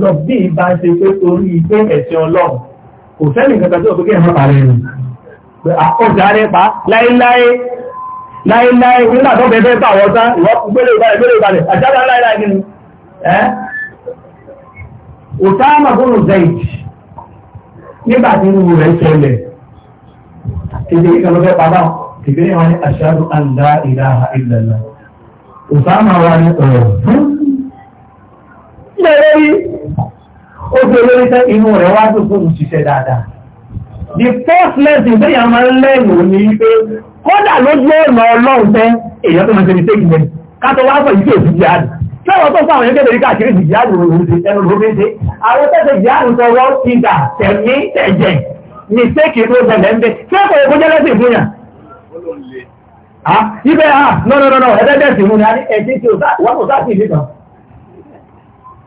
lọ bí ìbá ṣe pé torí pé ẹ̀sìn ọlọ́run kò sẹ́ni kankan tó gbé ẹ̀hán parẹ́ rẹ̀ ọjà rẹ̀ pa láéláé láéláé nígbà tó bẹ bá wọ́n tán gbélé ìbálẹ̀ gbélé ìbálẹ̀ nínú ẹ́ òtá nígbà tí inú rẹ̀ ṣẹlẹ̀ kéde kíkan ló fẹ́ pa wọn ni òtá ni ọ̀rọ̀ fún ilẹ̀ lórí ó gbé lórí tẹ́ inú rẹ̀ wá tó fún òṣìṣẹ́ the first lesson bẹ́yà máa ń lẹ́nu ní wípé kódà lójú ọ̀nà ọlọ́run tẹ́ èèyàn tó máa ṣe ní tẹ́kì mẹ́rin kátó wá sọ ìdí òsì jíáàdì lọ́wọ́ tó fún àwọn ẹgbẹ́ ìrìkà kiri di jíáàdì òun ti tẹnu ló fi ṣe àwọn tẹ́sẹ̀ jíáàdì sọ wọ́n ti dà tẹ̀mí tẹ̀jẹ̀ ní tẹ́kì tó bẹ̀lẹ̀ ń bẹ kí ọkọ̀ òkú jẹ́lẹ́sì fún yàn. ibẹ̀ ah, ah no no no no ẹ̀ẹ́dẹ́gbẹ̀sì mú ni a ní ẹ̀ẹ́dẹ́gbẹ̀sì wọ́n kò sá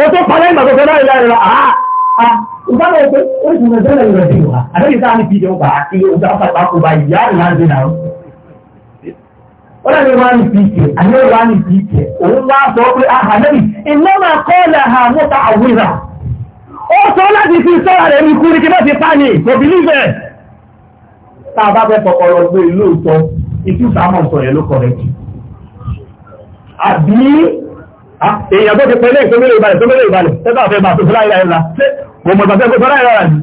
ó tó parẹ́ ìgbà tó fẹ́ láì láì rà áà ìgbàlá ẹgbẹ́ oṣù mẹ́tẹ́lẹ̀ rẹ̀ bí wà àdébí sáà ní fídíò bá iye òjò àpapọ̀ àkóbá ìyá rẹ̀ láti nà ó. ó lẹ́nu wá ní píkẹ̀ àní ó wá ní píkẹ̀ òun wá sọ pé ah, àhàlẹ́bí iná máa kọ́ ọ̀là ha mọ́ta àwìrà. ó sọ láti fi sọ́ra rẹ̀ ní kúrikí bá ti pààyè kò bí níbẹ̀. tá bá fẹ́ kọ́kọ́rọ́ gbé lóòótọ́ ikú sàmọ̀ sọ̀rọ̀ ló kọ̀ èèyàn tó ti pẹ̀lẹ́ ìtòmílẹ̀ ìbàlẹ̀ tómílẹ̀ ìbàlẹ̀ tẹ́tà fẹ́ bá tó fúláyé láyé la ṣé kò mọ̀ ìgbàgbẹ́ gbogbo láyé lára ni.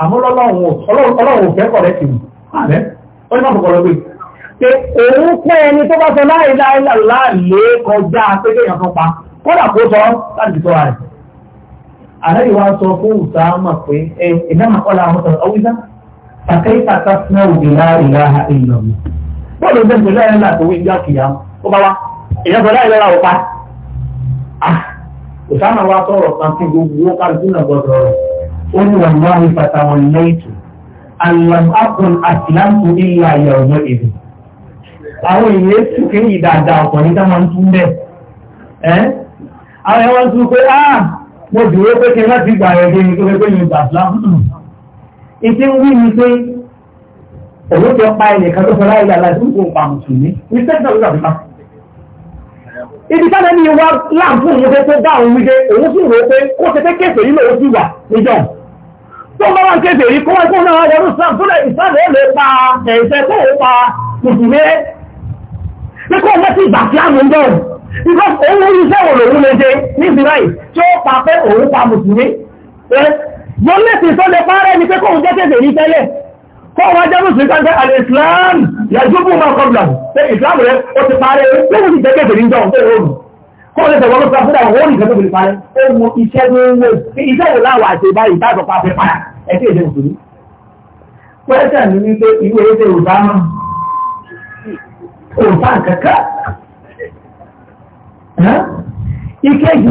àmọ́ ọlọ́run ò fẹ́ kọ̀rẹ́ tì mí àbẹ́ ó ní bàbá kọ̀rọ̀ gbé. pé òun pẹ́ ẹni tó bá sọ láyé láyé láàlé kọjá pé kéèyàn kan pa kódà kó sọ láti sọ rẹ̀. àlẹ́yìn wa sọ fún Usama pé ẹ ìdáhùn kọ́lá àwọn sọ̀rọ̀ ọ̀wíṣà kàkẹ́ ìtàkà snow ìlà ìlà ìlọ̀ mi. bọ́ọ̀lù èèyàn sọ láì lọ́ra ọ̀pá òṣàmà wa sọ̀rọ̀ kan tí gbogbo kálukú náà gbọdọ̀ rẹ̀ ó ní wọn náà ní fata wọn lẹ́yìntì àlàm ápùn àtìláǹtù ilé ayé ọ̀gbọ́ èdè àwọn èèyàn tún kéyì dáadáa ọ̀pọ̀ ní táwọn tún bẹ́ẹ̀ ẹ́ àwọn ẹ̀wọ̀n tún pé á ah, mo dúró pé kí n láti gbà rẹ̀ dé ní tó fẹ́ pé mi gbà fúlá hmm. ìdí ń wí ni pé òun ti ọpa ẹnìkan ibi táwọn ní wá láàbù òun pé tó bá òun wíde òun sì rò pé kó ṣe pé kéfè yìí lòun ti wà níjọ tó bá wà kéfè yìí kó wọ́n kó náà wọ́n rú sáà fúnlẹ̀ ìsáàlẹ̀ lè pa ẹ̀ṣẹ̀ tó ń pa mùsùlùmí pé kó wọ́n ti gbà sí àmì ń bọ̀rù ìgbà òun orí iṣẹ́ wò lòun lè ṣe ní ìsìnláì tí ó pa pé òun pa mùsùlùmí yọ lẹ́sìn sọ́lẹ̀ párẹ́ ni pé kóun jẹ́ kéfè yìí tẹ́lẹ̀ fọ́wọ́ ajẹ́rù sí káńtẹ́ alìsìláàm yàjúbù máa kọ́bùlà pé ìsìláàmù rẹ̀ ó ti parẹ́ lóòrùn ti tẹ́kẹ̀ẹ́ bèrè ń jọ ọ̀tọ̀ òòrùn kó lè tẹ̀wọ́ lóòrùn sáfúdà wọ́n ní ìtẹ́kẹ̀ẹ́ bèrè parẹ́ ó mú iṣẹ́ ní wọ́n iṣẹ́ wò láwọ̀ àti ìbá ìtàjọ pa fẹ́ para ẹ sí èdè òṣèlú. pẹ́sẹ̀ ní wípé ìwé èdè òbámà òbá kankan ìkejì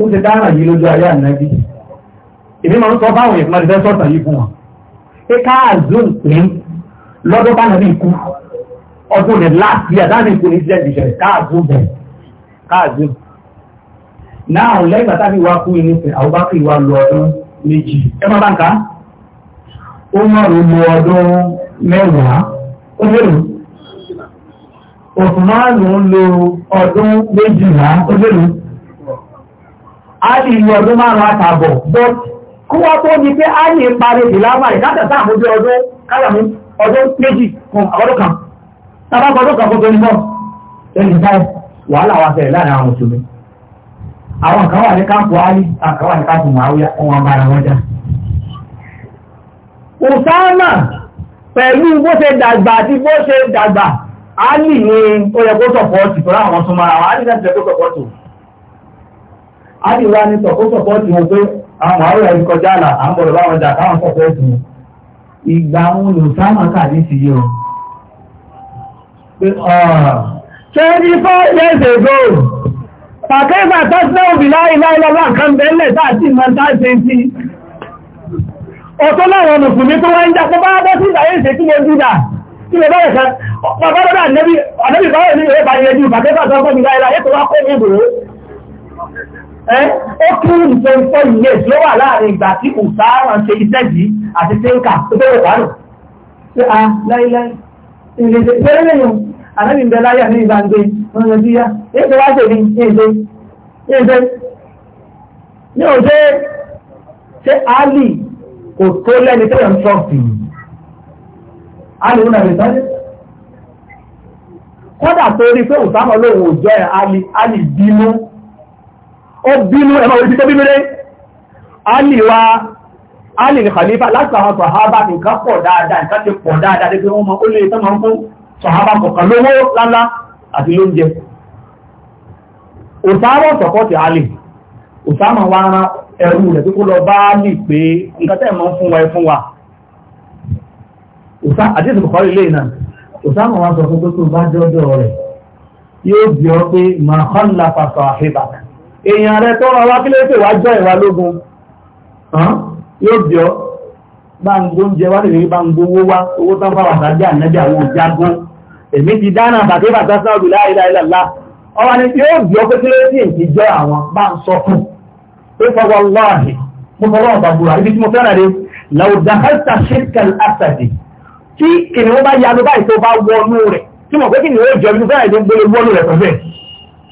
bó ti dáràn yìí lójú ayé ànábì èmi máa ń sọ fáwọn èèyàn máa ti fẹ́ sọ̀tàn yìí fún wọn pé káàzó pé lọ́dún bá nàbí ikú ọdún rẹ̀ láti àdáni ikú ní sílẹ̀ ìṣẹ̀lẹ̀ káàzó bẹ̀ káàzó. náà lẹ́yìn bàtà mi wá kú inú fún àwọn bá kì í wá lọ ọdún méjì ẹ má bá ń kà á ó mọ̀ ló lo ọdún mẹ́wàá ó lérò Osmanu ń lo ọdún méjìlá ó lérò. áàdì ìlú ọdún márùn-ún àtàbọ̀ but kó wá tó ní pé á ní parí ìlànà ìdátẹ̀sá àmójú ọdún kálàmú ọdún méjì kan ọdún kan tàbá ọdún kan fún twenty four wàhálà wa fẹ̀rẹ̀ láàrin àwọn mùsùlùmí àwọn kan wà ní káàpù wà ní káàpù màáwíà wọn wọn já. Usama pẹ̀lú bó ṣe dàgbà àti bó ṣe dàgbà ó yẹ kó sọ̀pọ̀ àdìwá ní sọ̀kọ́sọ̀kọ́ ti wọn pé àwọn àwọn ẹ̀rí kọjá àlà à ń bọ̀rọ̀ báwọn jà káwọn sọ̀kọ́ ẹ̀sìn wọn. ìgbà o. twenty four years ago pàkẹ́fà tọ́sílẹ̀ òbí láìláì lọ́wọ́ nǹkan bẹ́ẹ̀lẹ̀ sáàtì mọ́ta ṣe sí. ọ̀tọ́ láwọn jà sí ṣe kí wọ́n dúdà kí wọ́n kan bàbá ní ó kí nǹkan ìfẹ́ ìyẹ́ tí ó wà láàrin ìgbà tí òsáàrà ṣe iṣẹ́ yìí àti tó ṣé a ah, láíláí ìrètè pẹ́rẹ́ yẹn ànábì ń bẹ láyà ah, ní ìgbàgbé wọn lọ sí yá èso wá ṣèlú èso èso ní òṣè ṣé ali kò tó lẹ́ni tó torí pé lòun ò jẹ́ ali ó bínú ẹmọ orí tó bínú rẹ̀ alì wa alì ní khalifa láti àwọn sọ̀hábà nǹkan pọ̀ dáadáa nǹkan ti pọ̀ dáadáa pé wọ́n mọ ó lè tán máa ń fún sọ̀hábà kọ̀ọ̀kan lówó lálá àti lóúnjẹ òsáàmà sọ̀kọ́ ti alì òsáàmà wa rán ẹrú rẹ̀ tó kó lọ bá alì pé nǹkan tẹ́ mọ́ fún wa ẹ fún èèyàn rẹ tó rán wá kí ló pè wá jọ ìwà lógun yóò bí ọ bá ń gbó oúnjẹ wá lè rí bá ń gbówó wá owó tán fáwọn àtàjẹ ànábì àwọn òjágó èmi ti dáná bàtí bàtà sáàbù láìláìlàlá ọwọ́ ni yóò bí ọ pé kí ló sì ń ti jọ àwọn bá ń sọ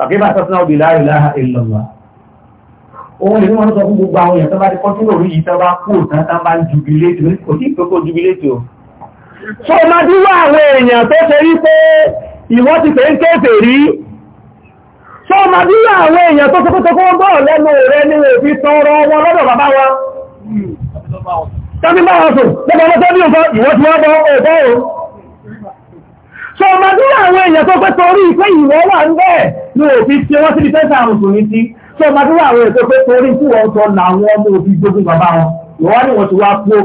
tàbíbà sọ́tún ọ̀bì la ilaha illallah ohun ìlú wọn sọ fún gbogbo àwọn èèyàn tó bá ti kọ́ sínú òrìyí tó bá kú òtán tó bá ń jubiléètì kò sí ìpé kó jubiléètì o so ma dúró àwọn èèyàn tó ṣe rí pé ìwọ́n ti pè ń kéfè rí so ma dúró àwọn èèyàn tó ṣe kótó kó lẹ́nu rẹ ní òfin wọn lọ́dọ̀ bàbá wa tọ́bí bá wọn sùn lọ́dọ̀ wọn tọ́bí so ma dúró àwọn èèyàn tó pẹ́ torí pé ìwọ́ ní òbí tí wọ́n sì fi fẹ́ sàrùn sùn ní ti tí ọmọ tó wà àwọn èso pé torí tí wọ́n sọ làwọn ọmọ òbí gbógun bàbá wọn ìwọ́n wá ní wọ́n ti wá kú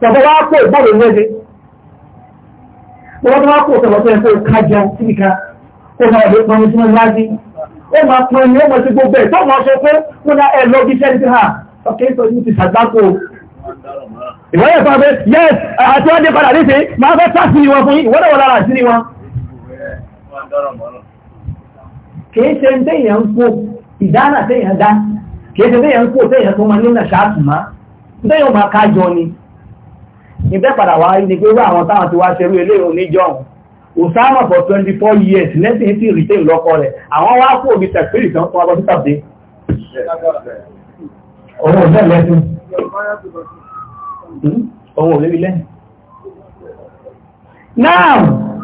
tọ̀bọ̀ wá kú ìgbọ́dọ̀ léde tọ̀bọ̀ tó wá tó yẹ kó lè láti ó máa gbogbo ẹ̀ tó máa sọ pé ẹ lọ bí yes kìí ṣe ń téèyàn ń kó ìdáná téèyàn dá kìí ṣe téèyàn ń kó téèyàn tó máa nínú ṣáàtù má téèyàn máa kájọ ni ìbẹ́ padà wá ní pé wọ́n àwọn táwọn ti wá ṣerú eléyìí oníjọ́ Osama for 24 four years lẹ́sìn tí retain lọ́kọ rẹ̀ àwọn wá kó omi tẹ̀síìrì tán fún abọ́sítà dé. ọ̀rọ̀ ọ̀dọ́ lẹ́sìn hmm? ọ̀rọ̀ òlébi lẹ́yìn. now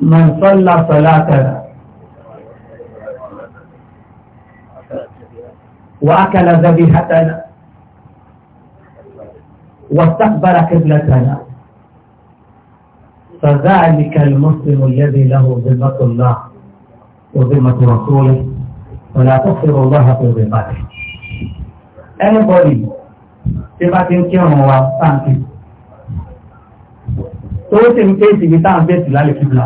من صلى صلاتنا وأكل ذبيحتنا واستقبل قبلتنا فذلك المسلم الذي له ذمة الله وذمة رسوله ولا تغفر الله في ذمته anybody tí bá ti ń kí ọ̀ràn wa sáǹkì tó sì ń pèsè ibi táà ń bẹ̀sì lálẹ́ kíbla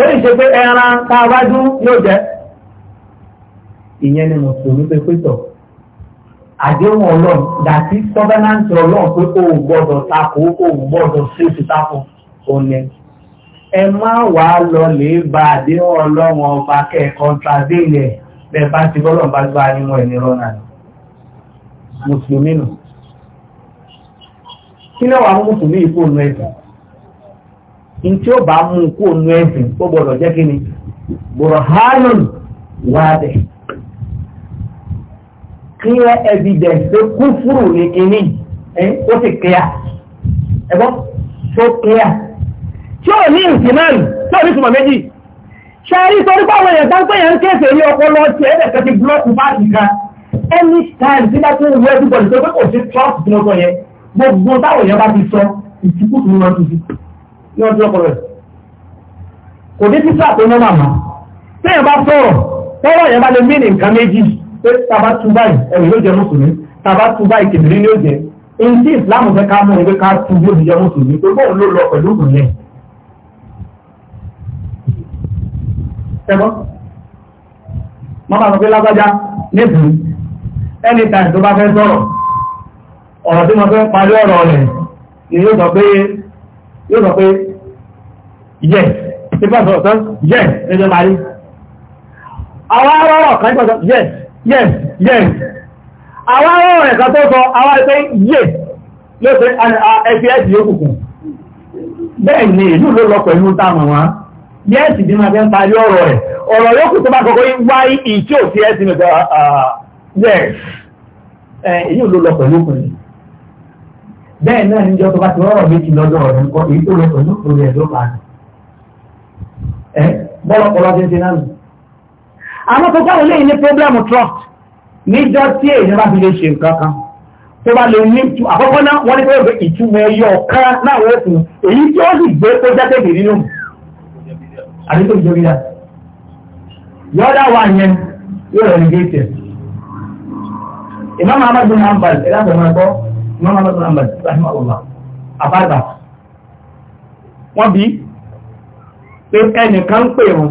ó lè ṣe pé ẹran tá a bá dún yóò jẹ ìyẹn ni mùsùlùmí pé pétọ̀ àdéhùn ọlọ́run dàtí covenant ọlọ́run pé kò gbọ́dọ̀ takò kò gbọ́dọ̀ ṣèṣù takò òní ẹ má wà á lọ lè ba àdéhùn ọlọ́run ọba kẹ́ contravene bẹ́ẹ̀ bá ti bọ́lọ̀ bá gbá nínú ẹ̀ nírọ́ náà mùsùlùmí nù kí náà wà mú mùsùlùmí ìfòònù ẹ̀sìn ntí ó bá mú kó nu ẹ̀sìn ó gbọ́dọ̀ burhanun wáde clear evidence ni clear so clear tí ṣe rí èèyàn yẹn ní ọpọlọ ti ẹ̀ẹ́dẹ̀kẹ́ ti búlọ́ọ̀kù báàkì kan anytime tí bá tún wọ everybody tó pé kò sí trust tí mo yẹn sọ ìtìkùtù ní ọdún ọkọ rẹ̀ kò dé títà tó mọ́ màmá téèyàn bá sọ̀rọ̀ tọ́wọ́ yẹn bá lè mí ní nǹkan méjì pé tàbá tú báyìí ẹ̀rù yóò jẹ mùsùlùmí tàbá tú báyìí kìbìrì ni ó jẹ èyí tí ìsìláàmù fẹ́ ká mú ẹgbẹ́ ká tú bí ó ti jẹ mùsùlùmí pé bóun ló lọ pẹ̀lú ògùn yẹn. ṣẹ́gbọ́n màmá sọ pé lágbájá níbi ẹni tàì tó bá fẹ́ sọ̀rọ̀ ọ̀rọ̀ tí mo fẹ́ parí ọ̀rọ̀ rẹ̀ ni yóò sọ pé yóò sọ pé yes nípa sọ̀rọ̀ tán yes ẹjọ́ máa rí àwọn arọ́rọ̀ kan nípa sọ yes yes yes tó sọ àwọn ẹgbẹ́ yes ló ṣe ẹgbẹ́ ẹ̀sì yóò kùkùn bẹ́ẹ̀ ni ìlú ló lọ pẹ̀lú táàmù wọn yes bí máa fẹ́ ń parí ọ̀rọ̀ rẹ̀ ọ̀rọ̀ yóò kù tó bá kọ́kọ́ wá ìtí òsì ẹ̀sìn nípa yes ìlú ló lọ pẹ̀lú ọkùnrin bẹ́ẹ̀ náà níjọ́ tó bá ti rọ́rọ̀ méjì lọ́dọ̀ ọ̀rọ̀ nǹkan èyí tó lọ pẹ̀lú ọkùnrin ẹ̀ ló Eh, bọ́lọ̀pọ̀lọ́ ti ń ṣe àwọn tó kọ́ ilé ní problem trust níjọ́ tí èyí bá fi lè ṣe nǹkan kan tó bá lè ní tu àkọ́kọ́ náà wọ́n ní pé ìtumọ̀ ẹyọ kan náà wọ́n fún èyí tí ó sì gbé kó jáde bì nínú àdínkù ìjọba yà yọ́dá wa yẹn yóò rẹ̀ nígbè tẹ̀. ìmáàmù ahmad bin hanbal ẹ̀rọ pé ẹnìkan pè wọn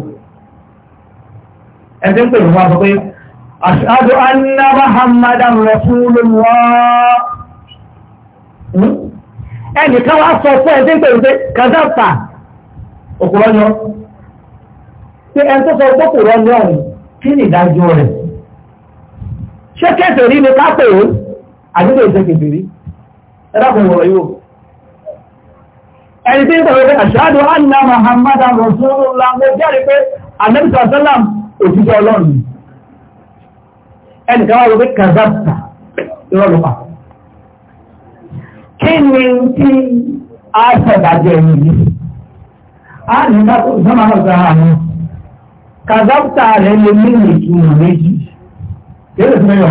ẹni pè wọn wá sọ pé ashhadu anna muhammadan rasulullah hm? ẹnìkan wá sọ fún ẹni pè wọn pé kàdáfà òkúrọ́ yọ pé ẹni tó sọ gbókùrọ́ ní ọ̀hún kí ni ìdájọ́ rẹ̀ ṣé kẹsẹ̀ ni ká pè ó àdúgbò ìṣèkèbèrè ẹ dákun wọ̀rọ̀ yìí o ẹni tí ń sọ̀rọ̀ pé ashhadu anna muhammadan rasulullah mo jẹ́rìí pé anẹ́bìsọ̀ sọ́làm òṣìṣẹ́ ọlọ́run ẹni káwọ́ wípé kazabta ìrọ̀lùpà kí ni tí a sọ̀dájẹ́ ẹni yìí a ní kákó sọ́mọ́nà sáà ní rẹ̀ lè mí ìtumọ̀ méjì kí ló ti mẹ́yọ̀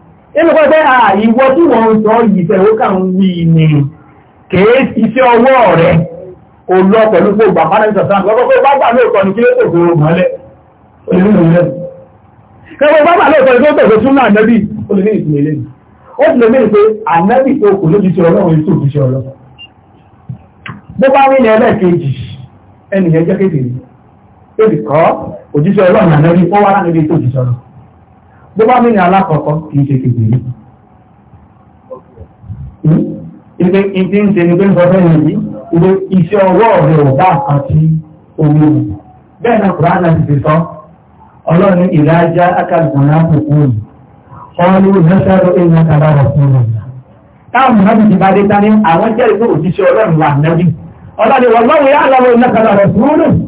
inú kọ́ pé àìwọ́ tí wọ́n ń sọ yìí fẹ́ ó kàn wí ni kèé iṣẹ́ ọwọ́ rẹ̀ O lọ pẹ̀lú gbogbo àpárẹ́sọ̀ sáà lọ́kọ́ pé bá gbà lóòtọ́ ni kí ló tòkó mọ́lẹ̀ kẹwọ́ bá gbà lóòtọ́ ni kí ló tòkó tún náà nẹ́bí ó lè ní ìsinmi ilé ni ó sì lè mí pé ànẹ́bí tó kò lójú sí ọlọ́run yìí tó kù sí ọlọ́run bó bá rí ní ẹlẹ́ẹ̀kejì ẹnìyẹn bó bá mìíràn alákọ̀ọ́kọ́ kì í ṣe kékeré hmm? ìpè ìpè ń ṣe ni pé ń sọ fẹ́ẹ́ yìí ìpè iṣẹ́ ọwọ́ rẹ̀ ò bá kan omi o bẹ́ẹ̀ náà kùrá náà ti fi sọ ọlọ́run ní ìlàjà akálùkùn náà kò kú òní ọlọ́run ní nẹ́sẹ̀rọ èèyàn kan bá wà fún wọn. táwọn mìíràn ti bá dé tání àwọn jẹ́rìí pé òjíṣẹ́ ọlọ́run wà nẹ́bí ọlọ́run wọ́n yá àlọ́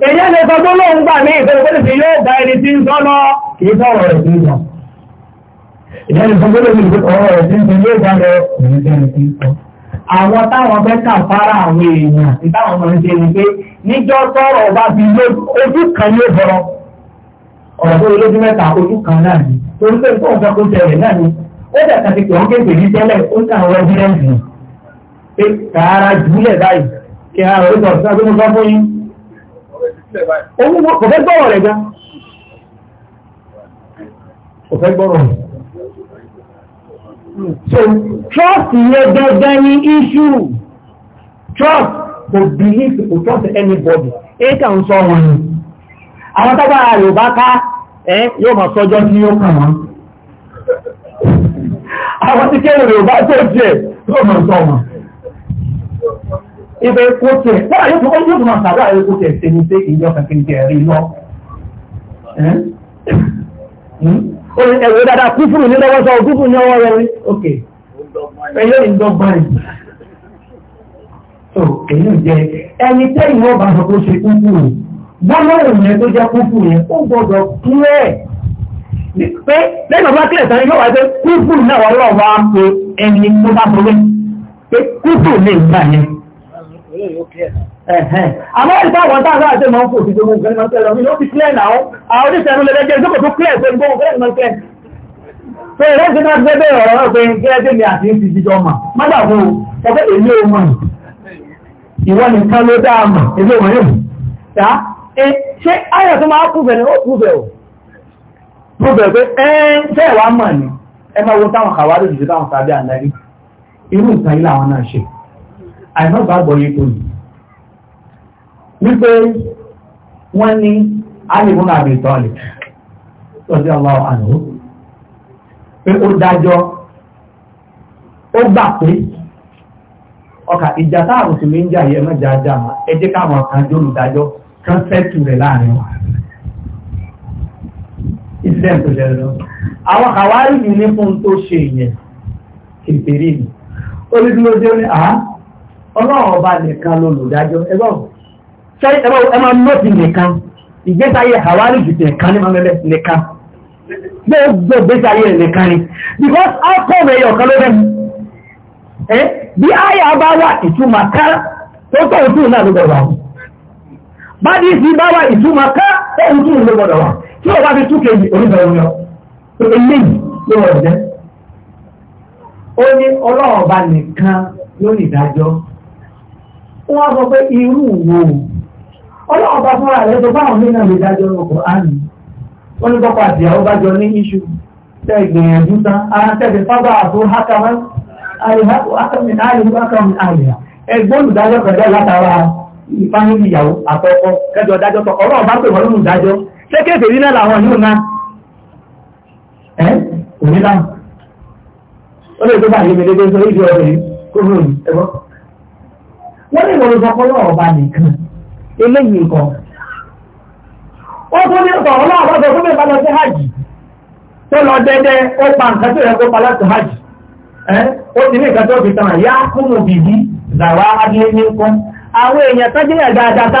èyí ẹni sọ tó lóun gbà ní ìfẹ́ ìfẹ́ ìfẹ́ yóò gba ẹni tí ń sọ lọ kìí sọ̀rọ̀ rẹ̀ sí sọ. èyí ẹni sọ tó lóun ìfẹ́ ọ̀rọ̀ rẹ̀ sí ń sọ yóò gba rẹ̀ ẹni tí ń sọ. àwọn táwọn fẹ́ kà fara àwọn èèyàn tí táwọn máa ni pé níjọ́ sọ̀rọ̀ bá fi lé ojú kan yóò bọ̀rọ̀ ọ̀rọ̀ tó lójú mẹ́ta ojú kan náà ni torí pé nǹkan ọ̀fẹ́ kó ni ó dẹ̀ kàti pé wọ́n kéde ní tẹ́lẹ̀ ó kà wọ́n ẹ́fídẹ́ǹsì pé kàára jùlẹ̀ báyìí kí ara Òun kò fẹ́ gbọ́rọ̀ rẹ̀ gan. Kò fẹ́ gbọ́rọ̀ rẹ̀. So trust yẹ dandan ní issue. Trust kò believe kò trust anybody. Èyí kà ń sọ wọn ni. Àwọn tábàrà rẹ̀ ò bá ká ẹ́ yóò máa sọjọ́ tí yóò kàn wọ́n. Àwọn tí kẹ́rù rẹ̀ ò bá tó jẹ́ yóò máa sọ wọn ibẹ̀ epo tẹ̀ wọ́n àyè tó yóò máa sàdá àyè epo tẹ̀ ṣe ní pé ìjọ kankan jẹ́ rí lọ. ó ní ẹ̀rọ dáadáa kúfùrù ní lọ́wọ́ sọ kúfùrù ní ọwọ́ rẹ ok ẹ̀yẹ ìdọ́gba so èyí jẹ ẹni tẹ́ ìwọ bá sọ pé ó ṣe kúfùrù gbólóhùn yẹn tó jẹ́ kúfùrù yẹn ó gbọ́dọ̀ kílẹ̀ pé lẹ́yìn ọba àmọ́ ìta àwọn tá àgbà àti ìmọ̀ ń fò sí gbogbo nǹkan ìmọ̀ tẹ́lẹ̀ ló ti clear náà àwọn oníṣẹ́ ẹnu lẹ́gbẹ́ jẹ́ ìjókòó tó clear pé gbogbo nǹkan ìmọ̀ tẹ́lẹ̀ pé ìrẹsì náà gbé bẹ́ẹ̀ ọ̀rọ̀ pé gẹ́gẹ́ mi àti ti jíjọ mà mọ́gbà fún ọ pé èmi ò mọ̀ ìwọ nìkan ló dáa mà èmi ò mọ̀ yóò tá ṣé ayọ̀ tó máa kú bẹ̀rẹ̀ ó kú bẹ̀ ò kú bẹ̀ pé ẹ ṣé ìwà mọ̀ ni ẹ máa wo táwọn kàwárí jù táwọn tàbí ànárí irú ìtàn ilé àìmọ́gbàgbọ́ yìí tó yìí wípé wọ́n ní alìmúnà àbí ìtọ́lẹ̀ lọ́sí ọlọ́wọ́ àná pé ó dájọ́ ó gbà pé ọkà ìjà táàrùn sì lè ń jà yẹ mẹ́jà jà mà ẹ jẹ́ káwọn kan olùdájọ́ kan sẹ́tù rẹ̀ láàrin wa ìsìlẹ̀m tó ṣẹlẹ̀ lọ àwọn kàwárí yìí ní fún tó ṣe ìyẹn ní ní àá ọlọ́run ọba nìkan lolùdájọ́ ẹgbọ́n ṣe ẹ máa nọ́ọ̀tì nìkan ìgbésà ayé àwárí jù nìkan ní mamẹ́lẹ́ nìkan gbogbo ìgbésà nìkan ni because outcome ẹ̀yọ̀ kan ló fẹ́ ẹ bí ayé bá wà ìtumọ̀ ká tó tó òtún náà ló gbọdọ̀ sí bá ká tó òtún ló gbọdọ̀ tí ọba fi yọ eléyìí ló wọ̀ ó ní nìkan ìdájọ́ wọ́n sọ pé irú wo ọlọ́run bá fúnra rẹ̀ sọ fáwọn mí lè dájọ́ ọkọ̀ àná wọ́n ní àti bájọ ní iṣu tẹ́ ìgbìyànjú tán ara tẹ̀sí fábà olùdájọ́ látara ìfáyín ìyàwó kẹjọ dájọ́ ọlọ́run bá pè wọ́n ṣé kéèké rí náà làwọn yóò ná ó lè tó bá yé mi ìdí ọ̀rẹ́ wọ́n ní ìwọ̀n ìfọ̀kọ́lọ́ ọba nìkan eléyìí kan. wọ́n tún ní ọ̀sán ọlọ́run bá sọ fún balẹ̀ sí hajj tó lọ dẹ́dẹ́ ó pa nǹkan tó yẹ kó pa láti hajj ó ti ní nǹkan tó fi tàn yá kúmù bìbí làwa adé ní àwọn èèyàn tó jẹ́yà dáadáa tá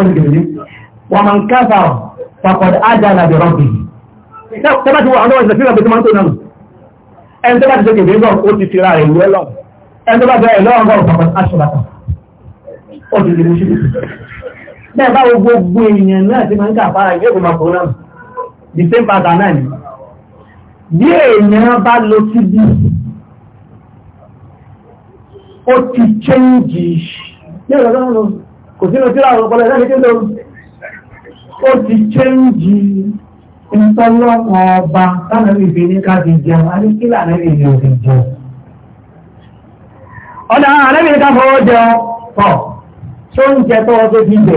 ọ̀dẹ̀lẹ̀ wọ́n máa ń káfà pàpọ̀dé ádára bẹ̀rọ̀ bì í tẹ́bá ti wọ àwọn ọ̀dẹ̀ fílà bẹ̀rẹ̀ máa ń tó náà ẹni tẹ́bá ti ṣe kèfé bọ̀ ó ti fira rẹ̀ wẹ́ lọ́wọ́ ẹni tẹ́bá ti rẹ̀ lọ́wọ́ bọ̀ pàpọ̀dé aṣọ́bàtà ó ti lè mú sí bẹ́ẹ̀ báwo gbogbo èèyàn náà ti máa ń káfà ìwé ìgbìmọ̀ kò náà the same pattern náà ni bí èèyàn change ní ọ̀rọ̀ kò sínú tí àwọn ọpọlọ ẹ̀rẹ́ kékeré lóru ó ti chéńjì ìtọ́lọ́pọ̀ ọba lánàá ìfẹ́ ní káàdì jẹun a ní kí lànà ìfẹ́ òfin jẹun. ọ̀nà àlẹ́bí ní ká fọwọ́ jẹun pọ̀ tó ń jẹ tọwọ́ tó fi jẹ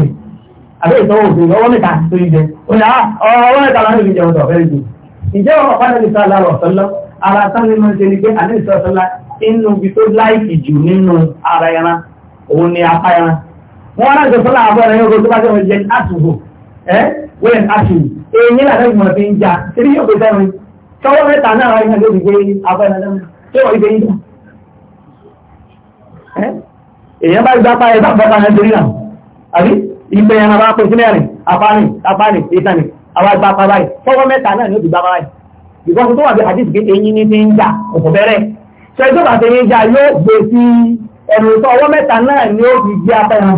àbí ìtọ́wọ́ òfin ọwọ́ mẹ́ta tó fi jẹ ọ̀nà ah, ọwọ́ mẹ́ta lánàá ìfẹ́ jẹun tọ̀ fẹ́ẹ́ jù. ǹjẹ́ ọ̀pá náà ní sọ́ọ́ lárọ̀ sọ́lọ́ ara sáré máa ń ṣe ni wọ́n rán ìjọ sọ́lá àbọ̀ ẹ̀yìn ogun tó bá jẹ́ wọn yẹn àtúwò ẹ́ wẹ́n àtúwò èyí làdá ìmọ̀ fi ń jà eré yóò gbèsè rìn tọwọ́ mẹ́ta náà wáyé náà lóbi gbé àbọ̀ ẹ̀ lọ́dọ́ tí wọ́n ibẹ̀ yín jà. èèyàn bá gbá pa ẹ̀ bá gbọ́ta náà torí náà yẹn bá pè sí mẹ́rin apáni apáni báyìí tọwọ́ mẹ́ta náà ni ó ti gbá pa báyìí ìgbọ́n tó wà bí àdìsí pé eyín ní ti ń jà ọ̀pọ̀ bẹ́rẹ̀ ṣẹ́jọ́ bàtẹ́ yín jà yóò gbé sí ẹ̀rù tọwọ́ mẹ́ta náà ni ó fi gbé apẹ́ hàn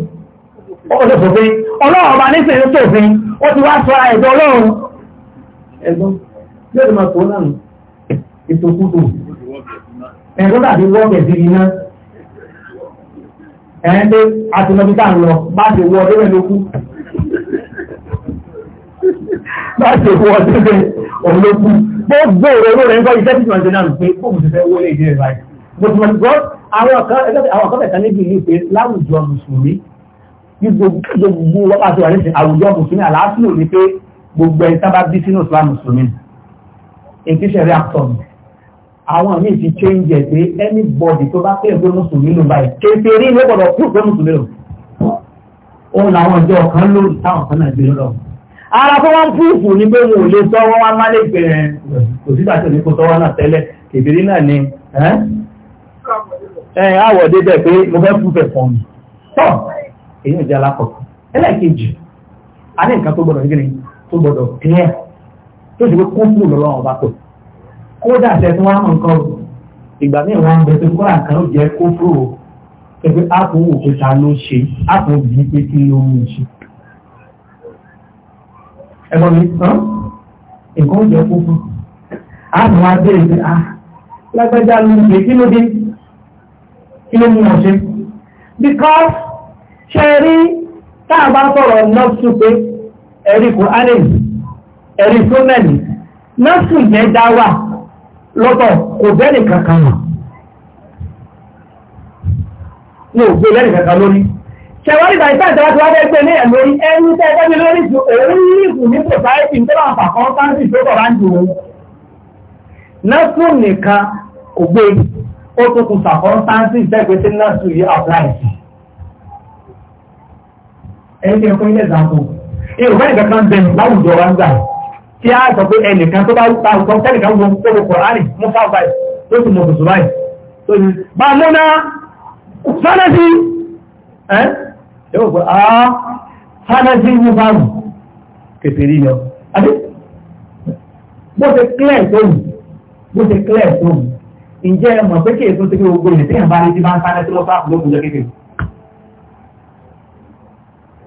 olùsòfin ọlọ́run ọba nísìnyí sòfin ó ti wá sọ ẹ̀dọ́ ọlọ́run ẹ̀gbọ́n yóò ti máa tó náà ètò kúrò ẹ̀rọ tàbí wọ́ọ̀kẹ̀ sí iná ẹ̀rẹ́ pé àtìlọ́bí tá ń lọ bá ti wọ ọdún ẹ̀lókú bá ti wọ ọdún ẹ̀lókú gbogbo òróró rẹ̀ ń gbọ́ iṣẹ́ títí wọn ṣe náà pé bóòmù ti fẹ́ wọlé ìdí rẹ̀ báyìí gbogbo àwọn ọ̀kọ́ ẹ̀kan níbi ìlú pé láwùjọ mùsùlùmí ní gbogbo wọ́pá tó wà ní àwùjọ mùsùlùmí àlàáfíà ò ní pé gbogbo ẹni sábà bí sínú islam mùsùlùmí èkì sẹ̀rí àtọ̀ àwọn míì ti change ẹ̀ pé anybody tó bá pèsè mùsùlùmí ló báyìí kékeré ló gbọdọ̀ kú pé mùsùlùmí lò òun làwọn ìjọ kan ló táwọn kan náà gbé lọ. ara tó wọ́n púùpù ni pé wọn ò lè sọ wọ́n wá má lè pè é kò sígbà tí òní kò sọ wọ́n náà tẹ́lẹ̀ kékeré náà ni ẹ̀ àwọ̀dé bẹ̀ pé mo fẹ́ èyí ò jẹ́ alákọ̀ọ́kọ́ ẹlẹ́ẹ̀kejì a ní nǹkan tó gbọdọ̀ nígbìrì tó gbọdọ̀ clear tó ṣe pé kó fún lọ́wọ́ àwọn bá pè kódà ṣe tí wọ́n á mọ̀ nǹkan ìgbà míì wọ́n ń bẹ tó kọ́ra nǹkan ó jẹ́ kó fún o ṣe pé áàpù wò pé ta ló ṣe áàpù bí pé kí ló mú ṣe. ẹ̀gbọ́n mi tán nǹkan ó jẹ́ kó fún áàpù wa bẹ̀rẹ̀ pé a ah, lágbájá ló ń ṣe kí ló dé kí ló mú wọn ṣe because. ṣe rí táà bá sọ̀rọ̀ nọ́ọ̀sù pé ẹ̀rí kùránì ẹ̀rí súnmẹ́lì nọ́ọ̀sù yẹn dá wà lọ́tọ̀ kò bẹ́ẹ̀ nìkan kan wà ní ògbé lẹ́nì kankan lórí. ṣẹ̀wọ́n ìgbà ìta ìjọba tí wọ́n fẹ́ gbé ní ẹ̀ lórí ẹni tẹ́ ẹni ẹ̀kọ́ ilé ìdàpọ̀ yorùbá nìkan kan bẹ̀rù láwùjọ wa ń gbà tí a sọ pé ẹnìkan tó bá ta ọ̀tọ̀ tẹ́nìkan wo kókò kọ̀ránì mú fáwọn báyìí tó sì mọ̀ bùsùn báyìí tó ní bá a múná fánẹ́sì ẹ́ yóò gbọ́ a fánẹ́sì mú fáwọn kẹfẹ́rí lọ àbí bó ṣe clear tó wù bó ṣe clear tó wù ǹjẹ́ mọ̀ pé kí èso ti fi gbogbo ìrètí àbáyé ti bá ń fánẹ́sì lọ́fà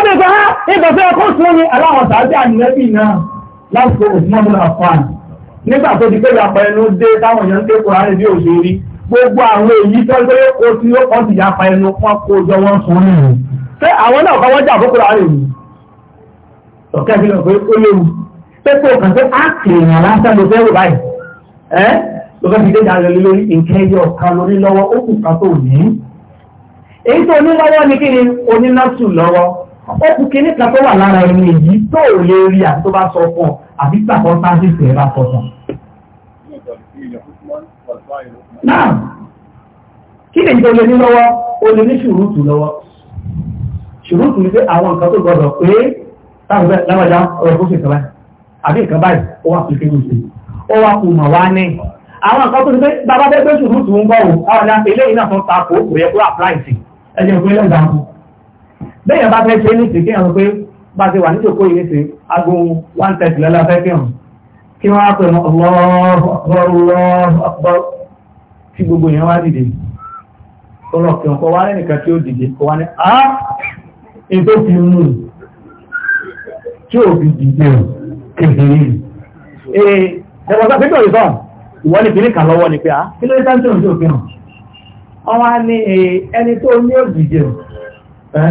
ọ ní ìgbàhá ìgbàfẹ́ ẹ̀kọ́ ọkụ ní aláwọ̀ tàbí ànìyàn náà lásìkò òsínmọ́ múra fáàn nígbà tó di pé yàpá ẹnu dé táwọn èèyàn ń ké kura rẹ̀ gbogbo àwọn èyí ti ó kàn sí ẹnu wọn pé àwọn náà jà ọ̀kẹ́ fi hàn pé ó léwu pé kó kàn sí lásán ló fẹ́ báyìí ẹ́ ló fẹ́ fi dé ó kú kíní kan tó wà lára ẹni èyí tó ò lè rí àti tó bá sọ fún ọ àbí gbàgbọ́ sáfíìsì ẹ̀ bá sọ fún ọ. náà kí ni ìjọba ní lọ́wọ́ o lè ní ṣùrùtù lọ́wọ́ ṣùrùtù ni pé àwọn nǹkan tó gbọdọ̀ pé táwọn bẹ́ẹ̀ láwàjá ọ̀rọ̀ tó ṣe kaba àbí ìkan báyìí ó wà pé kéwì sí ó wà kù mà wá ní àwọn nǹkan tó ti pé bàbá bẹ́ẹ̀ pé ṣùrùtù ń bọ̀ wò àwọn bẹ́ẹ̀ yẹn bá fẹ́ ṣe nísìnyí kí ẹ̀rọ pé bá ti wà ní ìjòkó yìí nísìnyí aago one thirty lọ́la fẹ́ kí ọ̀hún kí wọ́n á pè mọ́ ọlọ́ọ̀ọ́ tí gbogbo yẹn wá dìde tọ́lọ̀ kí ọkọ̀ wá lẹ́nìkan tí ó dìde kọ́ wá ní á ètò fi mú tí ò fi dìde kékeré ee ẹ̀wọ̀n sọ pípọ̀ ìtọ́ ìwọ́n ní kìnnìkan lọ́wọ́ ni pé á kí ló dé sáńtì òun tí ò fi hàn ọwọ́ á ní ẹni tó ní òdìde ẹ̀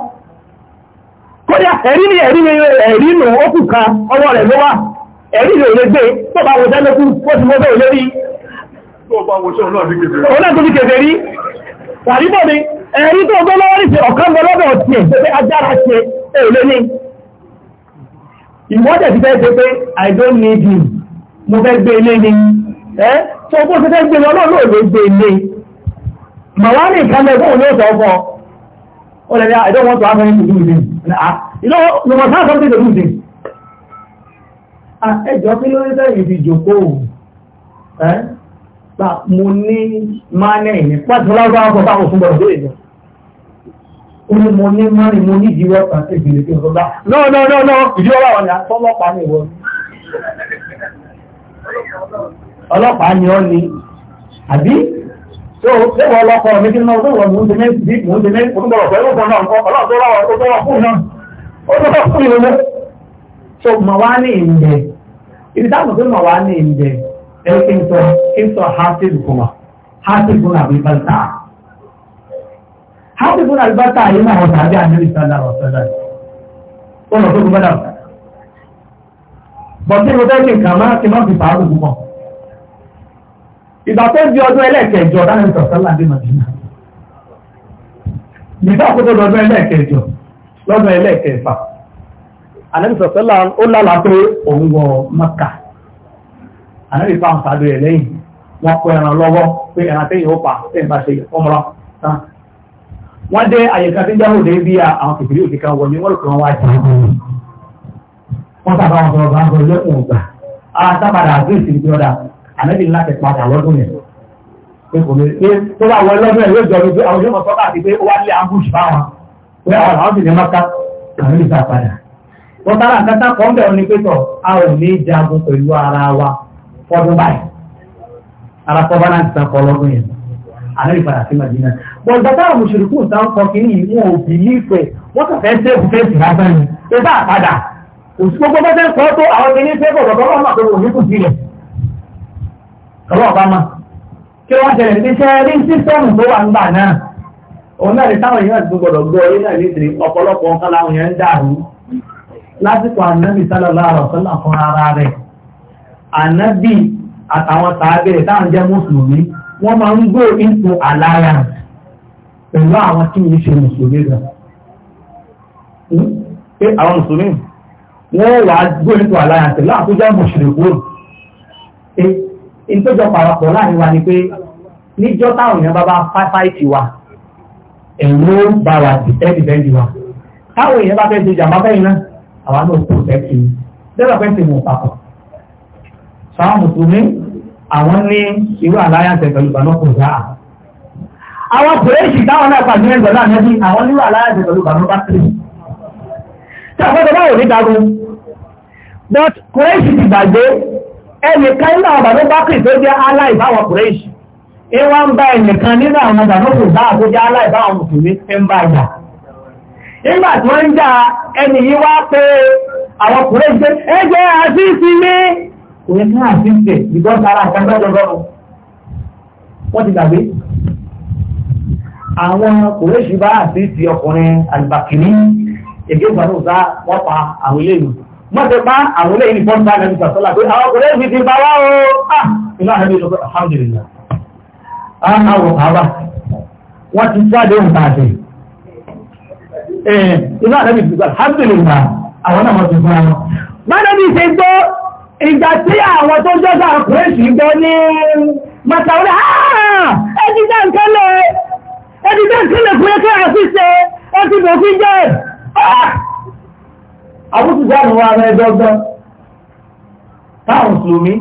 kódà ẹ̀rí ni ẹ̀rí ni ẹ̀rí nù ó kan ọwọ́ rẹ̀ ló wà ẹ̀rí ni òye gbé tó bá wo sẹ́lẹ̀kú ó òye rí òun náà tó fi kèfè tàbí bọ́ ni ẹ̀rí tó gbọ́ lọ́wọ́ níṣẹ́ ọ̀kan bọ́ lọ́dọ̀ tiẹ̀ Or like, I don't want to have anything to do with him. And, ah, you know, you must have something to do with him. Ah, Ẹjọ́ kí ló ń tẹ́ ìdí ìjòkóò? Gbà mo ní mánẹ̀ ìní. Pàtó lágbà ọkọ̀ bá òfin bọ̀rọ̀ lóye jọ. Ó ní mo ní mánẹ̀ mo ní ìdíwọ́ àti ìgbìlẹ̀ kí n No, no, no, no, ìdíwọ́ wà wọ́n ni àtọ́lọ́pàá ni ìwọ. Ọlọ́pàá ni ọ ni, àbí? tó ṣé wọ́n lọ́kọ mi kí ló wọ́n mú ní méjì mú ní méjì mú ní bọ̀rọ̀ pẹ̀lú ọ̀pọ̀ náà ọlọ́run tó rọ̀ tó rọ̀ fún náà ó tó rọ̀ fún ìlú. so mà wá ní ìǹdẹ ibi táwọn tó mà wá ní ìǹdẹ ẹ kí n sọ kí n sọ hasil fún wa hasil fún àbí bàtà hasil fún àbí bàtà yìí náà wọ́n tàbí àmì ìsàlẹ̀ ọ̀sẹ̀lẹ̀ ó lọ tó gbọ́dọ̀ bọ̀ tí mo fẹ́ kí n kà má kí n má fi fàá ìgbà tó di ọdún ẹlẹ́ẹ̀kẹjọ dáhùn sọ̀tọ́lá dé màdínà nígbà tó tó lọ́dún ẹlẹ́ẹ̀kẹjọ lọ́dún ẹlẹ́ẹ̀kẹfà ànábì sọ̀tọ́lá ó lálàá pé òun wọ Mẹ́kà ànábì fáwọn sàdó ẹ̀ lẹ́yìn wọ́n kó ẹran lọ́wọ́ pé ẹran tẹ́yìn ó pa tẹ́yìn bá ṣe ọmọ tán wọ́n dé àyíká tí jáwó dé bí àwọn kìkìrí òkè kan wọlé wọ́n lò wọ́n wá jẹ́ wọ́n sábà wọn sọ̀rọ̀ bá ń sọ lẹ́kùn ọ̀gbà àtàbàdà àgbèsì ìjọba àlẹ́bí láti padà lọ́dún yẹn tó bá wọ lọ́dún yẹn yóò jọ wípé àwọn yóò mọ̀ sọ́kà àti pé ó wá lé ambush bá wọn pé àwọn àwọn sì ní mọ́ká àwọn yóò sá padà. wọ́n tára kẹta kan bẹ̀rù ni pé tọ̀ a ò ní jagun pẹ̀lú ara wa fọdún báyìí ara kọ́ bá náà ti sá kọ́ lọ́dún yẹn àlẹ́bí padà sí màdínà. bọ̀ ìgbàgbọ́ àwọn mùsùlùkù ń tán kọ kínní wọn ò bì ní ìfẹ́ wọ́n kàn fẹ́ sẹ́ẹ̀fù fẹ́ẹ̀sì lásán ni pé bá a padà lọ́wọ́ bá mọ̀ kí wọ́n tẹ̀lé ní iṣẹ́ rí sísẹ́mù tó wà ń gbà náà òun náà ní táwọn èèyàn ti gbọdọ̀ gbọ́ orí náà nítorí ọ̀pọ̀lọpọ̀ nǹkan láwọn èèyàn ń dàrú lásìkò ànábì sálọ́lá ọ̀rọ̀ sọ́là fún ara rẹ̀ ànábì àtàwọn tààbẹ̀rẹ̀ táwọn jẹ́ mùsùlùmí wọ́n máa ń go into alliance pẹ̀lú àwọn tí yìí ṣe mùsùlùmí gan hmm? pé àwọn mùsùlùmí wọ́n wà go into alliance pẹ̀lú àtúnjẹ́ mùsùlùmí ìtọ́jọ parapọ̀ láàrin wa ni pé níjọ́ táwọn èèyàn bá bá fáìtì wa ẹ̀rù ló bá wa dìtẹ́ẹ̀dì bẹ́ẹ̀dì wa táwọn èèyàn bá fẹ́ẹ́ ṣe jàmbá bẹ́yìn náà àwa náà kò tẹ́kì í dẹ́gbà fẹ́ẹ́ ṣe mọ̀ papọ̀ sàwọn mùsùlùmí àwọn ní irú àláyàǹsẹ̀ pẹ̀lú bàánà kò dáa àwọn pèrèsì táwọn náà pàdé ẹgbẹ̀rún náà nẹ́bí àwọn nílò àláyàǹsẹ̀ pẹ̀lú bàánà bá kiri tí àfẹ́fẹ́ báwo ní dagun but kòrèsì ti gbàgbé ẹnìkan nínú àwọn bàbá bákì tó jẹ́ aláìbáwọn kùrẹ́ṣì ìwà ń bá ẹnìkan nínú àwọn bàbá kò bá àkó jẹ́ aláìbáwọn mùsùlùmí ń bá ìjà nígbà tí wọ́n ń jà ẹni yìí wá pé àwọn kùrẹ́ṣì pé ẹ jẹ́ kò ní fún ìgbọ́n sára wọ́n ti gbàgbé àwọn bá mọ́tẹ́ bá àwọn ilé ìní bọ́ńdà náà nípa pé àwọn ọkùnrin mi ti bá wá o ah, inú àhẹ́bí alhamdulillah àwọn àbá wọ́n ti jáde ń bá dé inú àhẹ́bí ti alhamdulillah àwọn náà wọ́n bá wọn. bí ṣe ìgbà tí àwọn tó jọ́sà ọkùnrin sì gbọ́ ní mọ́tàwọ́lẹ̀ fún àfíṣe jẹ́ ah, àbútùjáàmù wa rẹ̀ dọ́gbọ́n táwọn mùsùlùmí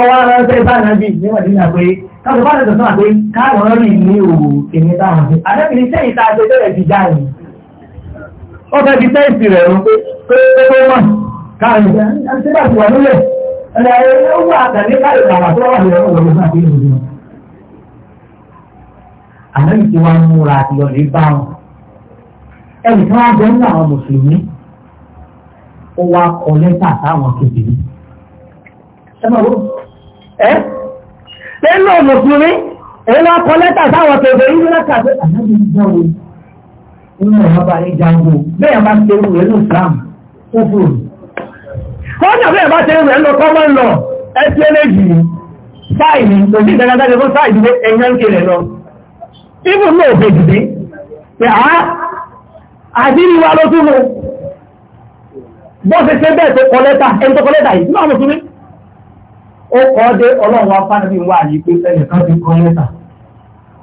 ọwọ́ ara ẹgbẹ́ ìbánabí ní mọ̀dínà pé káwọn bá lẹ́tọ̀ sọ́nà pé káwọn rí ní òwò èmi táwọn sí àdẹ́bí ní sẹ́yìn tá a ṣe bẹ̀rẹ̀ ti já ni ó fẹ́ fi tẹ́ẹ̀sì rẹ̀ rún pé pé mọ̀ káwọn ìgbà tí bá ti wà nílẹ̀ ẹ̀rẹ̀ ó wà tẹ̀lé káyọ̀ kàwà tó wà nílẹ̀ òwò nígbà tí ìlú wọn. àdẹ́bí ti wá ń múra àti bá wọn ẹnì kan wá jẹ́ nínú ó wá kọ lẹ́tà táwọn kejìlí. ẹ máa wọ ẹ nínú mùsùlùmí èyí wá kọ lẹ́tà táwọn kejìlí ní lẹ́tà pé ànábì ń jáwó nínú ọ̀nà bá ní jáwó bẹ́ẹ̀ bá ṣe wù ẹ́ ní Islam ó fòrò. kọ́ńtà bẹ́ẹ̀ bá ṣe wù ẹ́ ní kọ́mọ́ lọ ẹ ti ẹ léjì sáìdì òjì ìdánilẹ́gbẹ̀ẹ́ fún sáìdì ẹ̀yán kele lọ. ibùdó òfin dìde pé àá àdínníwá ló tún mú. bọ́ọ̀sì ṣe bẹ́ẹ̀ tó kọ lẹ́ta ẹni tó kọ lẹ́ta yìí náà mùsùlùmí ó kọ́ dé ọlọ́run wa wà ní pé ẹnìkan ti kọ lẹ́ta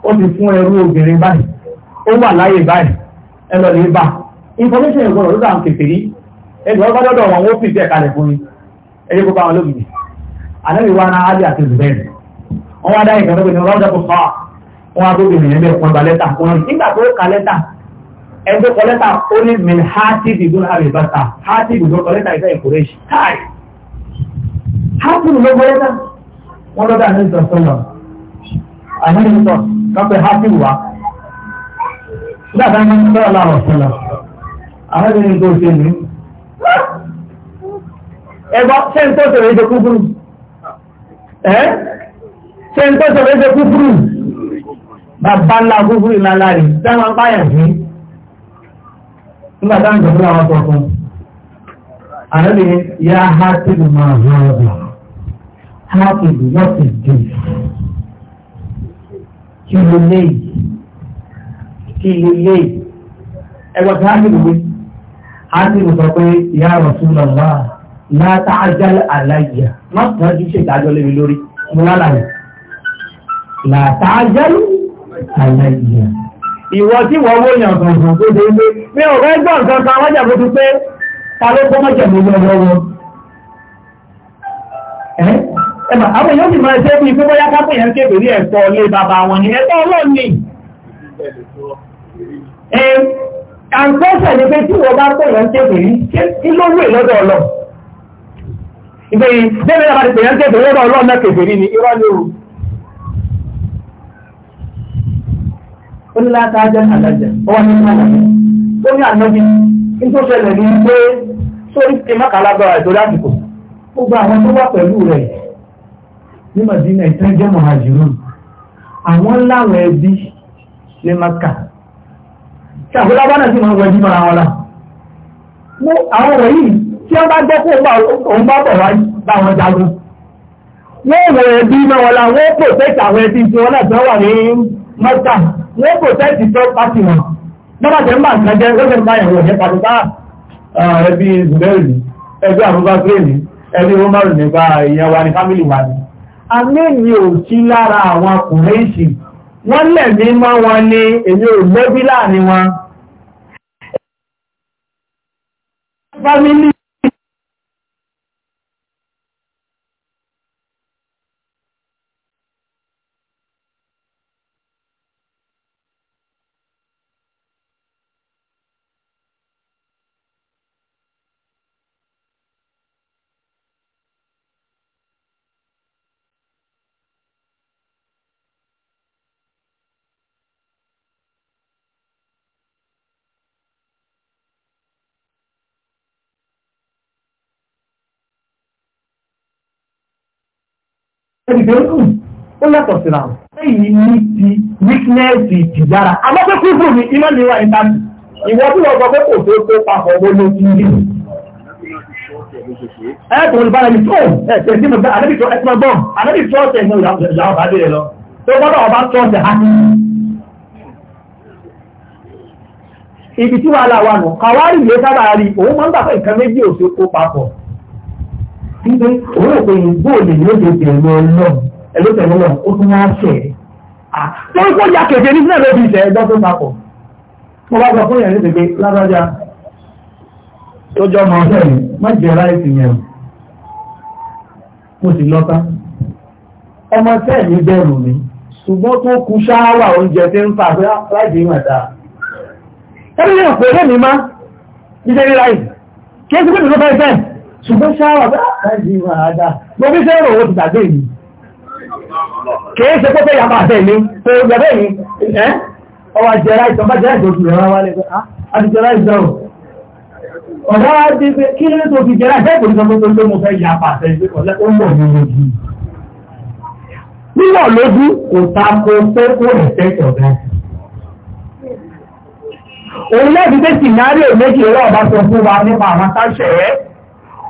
ó ti fún ẹrú obìnrin báyìí ó wà láyé báyìí ẹlọ lọ bá information ló dáhùn dọ́dọ̀ wọn ó fìdí ẹ̀ka lẹ̀ fún mi kó bá wọn lóbi wá ẹgbẹ́ kọ́lẹ́tà ó ní min hátìbì gún àmì bàtà hátìbì gún kọ́lẹ́tà ìfẹ́ ìkúrẹ́ṣì káì hátìbì ló kọ́lẹ́tà wọ́n lọ́dọ̀ àmì ìsọ̀ sọ́nà àmì ìsọ̀ kápẹ́ hátìbì wa dáadáa ní àmì ṣé kúkúrú ṣé kúkúrú bàbá ńlá kúkúrú ìlànà báyà nígbà táwọn ìjọba náà wọ́n sọ fún un àlọ́lẹ̀ yá ha ti lù máa rọ ọ̀dọ̀ ha ti lù lọ́sẹ̀ dé kí ló léyìí kí ló léyìí ẹgbẹ́ tí ha ti lù wí ha ti lù sọ pé ya Rasulullah la ta'jal alayya má tó ń ṣe ìdájọ́ lé lórí mo lálàyé la ta'jal alayya ìwọ tí wọ́n wó yàn gbọ̀ngàn tó ṣe pé mi ò fẹ́ gbọ́ nǹkan kan wájà bó ti pé ta ló kọ́ mọ́jà mi lọ́wọ́ wọn. ẹ̀mà àwọn èèyàn sì máa ṣe bí pé bóyá kápẹ́ yẹn kéde rí ẹ̀kọ́ lé bàbá wọn ni ẹ̀kọ́ ọlọ́run ni. àǹkọ́sẹ̀ ni pé tí wọ́n bá pè yẹn kéde rí kí ló wù lọ́dọ̀ ọlọ́run. ìgbẹ̀yìn bẹ́ẹ̀ ni ó ní láti ajẹ́ àdájẹ́ ó wá ní àdájẹ́ ó ní ànábi ní tó ṣẹlẹ̀ ní pé sórí ti má kálágbára ètò lásìkò gbogbo àwọn tó wà pẹ̀lú rẹ̀ ní Madina ìtàn jẹ́ mọ̀hàjìrún àwọn láwọn ẹbí ní Maka tí àwọn lábánà sì máa ń wẹjú mọ́ra wọn la mú àwọn wọ̀nyí tí wọ́n bá gbọ́ pé òun bá bọ̀ wá bá wọn jagun wọ́n wọ̀ ẹbí mọ́ wọn la wọ́n pòtẹ́tì àwọn ẹbí tí wọ́n náà mọ́tà wọ́n kò tẹ́sí tó pàṣẹ wọn bọ́lá jẹ́ mbà nǹkan jẹ́ ó lè ń báyàwó ẹ̀ pàṣẹ bá ẹbí zubẹ́rì ẹbí abubakar ni ẹbí Umar ní bá ìyẹn wa ní fámìlì wa ni. àmì ò sí lára àwọn Kùrẹ́ṣì wọ́n lẹ̀mí mọ́ wọn ní ẹ̀dìgbẹ́ ń kùn ó yàtọ̀ síra wọn. lẹ́yìn ní ti wíkínẹ́ẹ̀sì ìtìjára àmọ́pẹ́ kúrò ní iná ní wa ìta ìwọ tí wọ́n sọ pé kò tó kó papọ̀ owó ló ti rí. ẹ kò ní bára mi tó ẹ tẹ̀ sí mo gbé àdébì tó ẹtí ọgbọ́n àdébì tó ọ̀tẹ̀ ìmọ̀ ìyàwó bá dé lọ tó gbọ́dọ̀ ọba tó ọ̀tẹ̀ á ibi tí wàhálà wà nù kàwárí ìwé sábà rí òun máa ń gbà pé nǹkan méjì ò wípé òun ò pé ìgbó òde ni ó ti bẹ̀rù ọlọ́run ẹlẹ́tẹ̀ẹ́ lọ́wọ́ ó tún wá ṣẹ̀ ẹ́. tó ń kó ya kẹ̀kẹ́ ní sílẹ̀ lóbi ìṣẹ̀ ẹjọ́ tó papọ̀ mo bá sọ fún yẹn lédè pé lábájá tó jọ ọmọ ọ̀sẹ̀ mi má jẹ láìsí yẹn mo sì lọ́ta ọmọ ọ̀sẹ̀ mi bẹ̀rù mi ṣùgbọ́n tó kú ṣááwà oúnjẹ tí ń fà pé láìsí ìmọ̀ ẹ̀dá ẹni yóò pè é lẹ́mìí má jíjẹ́ ní láì kí é ti pé mi ló fẹ́ ṣùgbọ́n ṣáwà bá àjì máa dá mo bí sẹ́rọ owó ti dàgbé yìí kìí ṣe pé yàmà àtẹ mi tó gbẹ̀bẹ̀ mi ẹ́ ọwà jẹ́ra ìtàn bá jẹ́ra ìtòkì rẹ̀ wá lẹ́gbẹ́ á ti jẹ́ra ìtàn ọ̀dá wa ti pé kí ló tó fi jẹ́ra ìtàn ìtòkì sọ pé tó mo fẹ́ yà pàṣẹ ìgbé ọ̀lẹ́ ó mọ̀ mi lójú níwọ̀ lójú kò ta ko pé ó rẹ̀ tẹ́tọ̀ bẹ́ẹ̀ òun náà ti tẹ́sì náà rí òmejì ọlọ́ọ̀bá sọ fún wa nípa àwọn táṣẹ̀ rẹ̀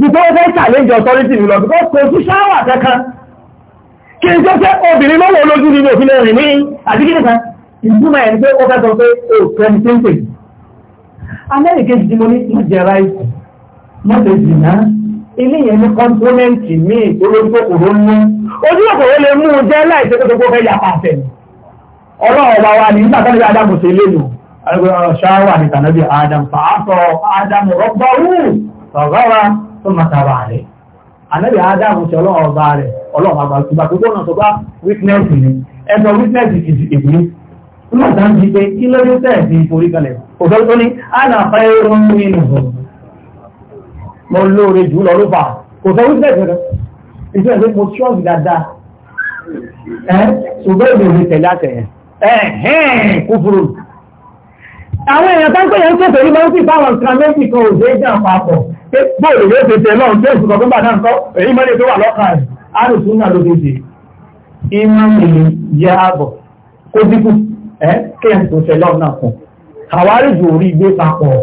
bíkọ́ they challenge authority mi lọ bíkọ́ kò sí ṣáwà kankan kí n tó fẹ́ obìnrin lọ́wọ́ olójú ni mi ò fi lè rìn ní àdíkì nìkan ìgbìmọ̀ ẹni pé ó fẹ́ sọ pé ó kẹ́ni tí ń pè mí. amẹ́ríkà ti mo ní ìjẹra ìsìn mọ́tò jìnnà ilé yẹn ní kọ́ńpónẹ́ǹtì míì olójú kòkòrò ń mú ojú kòkòrò lè mú un jẹ́ láìsí pé gbogbo fẹ́ yà pàṣẹ ọlọ́run wa wa ní nígbà tó ní adamu ṣe lé lò ṣáwà ní tànàbí adam fàásọ adam rọ́gbàrú sọ̀rọ̀ tó máa tàbà rẹ̀ ànábì ádámù sí ọlọ́run ọba rẹ̀ ọlọ́run àgbà ìgbà tó gbọ́nà tó bá witness ni ẹsọ witness ti di ègbé nígbà tá ń di pé kí ló dé tẹ̀ sí forí kalẹ̀ òfin tó ní àná fẹ́ẹ́ rún nínú mo lóore jù lọ ló fà kò sọ witness rẹ̀ ìfẹ́ ìwé mo ṣọ́ọ̀bù dáadáa ẹ̀ ṣùgbọ́n èmi ò lè tẹ̀lé àtẹ̀yẹn ẹ̀hẹ́n kúfúrú àwọn èèyàn tó ń pè yẹn ń pèsè ní mọ́tì fáwọn nǹkan méjì kan ò pé bóòlù yóò ṣe tẹ̀ lọ́run jésù kan tó bá náà kọ́ èyí mọ́lẹ̀ tó wà lọ́kàn rẹ̀ àrùsùn náà ló fi ṣe ìmọ̀ ìlú yẹ ààbọ̀ kó dínkù ẹ́ kéèyàn tó ṣe lọ́run náà kàn àwárí ju orí ìgbé papọ̀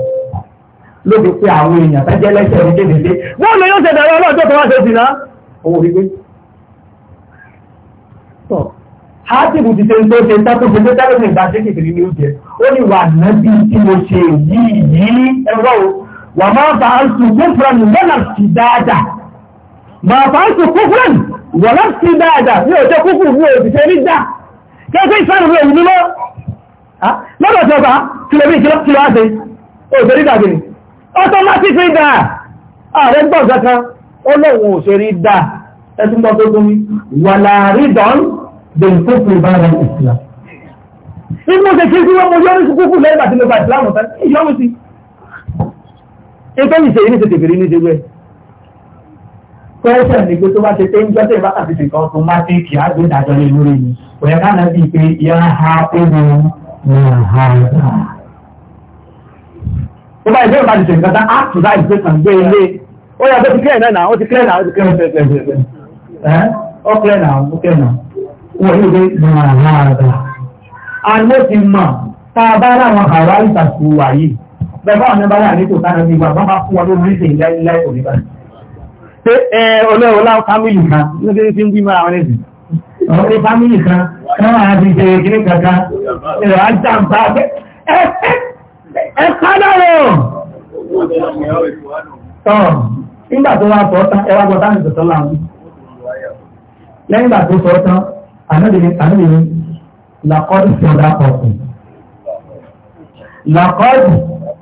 ló fi pé àwọn èèyàn tá jẹ́ lẹ́sẹ̀ ní kéde bóòlù yóò ṣe tẹ̀lé ọlọ́jọ́ tó wá ṣe sí náà owó rí gbé hátìbù ti ṣe ń tó ṣe ń tán tó ṣe pé tẹ́lẹ̀ ní ìgbà o wà máa bá a sùn kúfúrán lọ́nà sí dáadáa máa bá a sùn kúfúrán wọ̀lá sí dáadáa ní òjò kúfúrú ní òjìṣẹ́ ní dá kẹ́kẹ́ ìsáàrùn rẹ̀ òun lọ́ lọ́dọ̀ tí ọba kìlọ̀ bí kìlọ̀ kìlọ̀ àti òjò rí dàbí ni automatic rí dà ààrẹ gbọ́ kankan ọlọ́run ò ṣe rí dà ẹtún gbọ́ tó gún mi wà láàrin dán dè ń kókò ìbára ìsìlá nínú ṣe kí wọ́n mo yọrí kúkú lẹ́yìn àti lọ́ba ìsìlámù tán ẹgbẹ́ ìṣe yìí ní ṣe ní ṣe wẹ́ ní pé tó bá ṣe ń gbọ́dọ̀ ìbá tàbí ṣèkan tó má sí kì á ìdájọ́ lórí ha ewu ní ha gbà. tó bá ìbéèrè bá ti tán á tù láì gbé kàn gbé ilé ó yà tó ti kílẹ̀ náà ó ti kílẹ̀ náà ó ti kílẹ̀ náà ó kílẹ̀ náà ó kílẹ̀ náà wọ́n yóò gbé ní ha gbà. àlọ́ ti mọ̀ tá a bá láwọn ìtàkùn bẹ́ẹ̀ báwọn náà bá wà nípò sára bí wà bá fún wọn lórí ìsìn láìláì òní bá. pé ẹ ọlọ́run láwọn fámìlì kan ló dé sí ń bí mọ́ra wọn lẹ́sìn. àwọn ọdẹ fámìlì kan kan wà á ti ṣe kiri kankan ẹ̀rọ ajá ń bá ẹ ẹ kánà rẹ̀ ọ̀. tọ́ nígbà tó wá sọ tán ẹ wá gbọ́ táwọn ìṣẹ̀tọ́ là ń bí. lẹ́yìn ìgbà tó sọ tán àná làkọ́dù sọ̀dà ọ̀kùn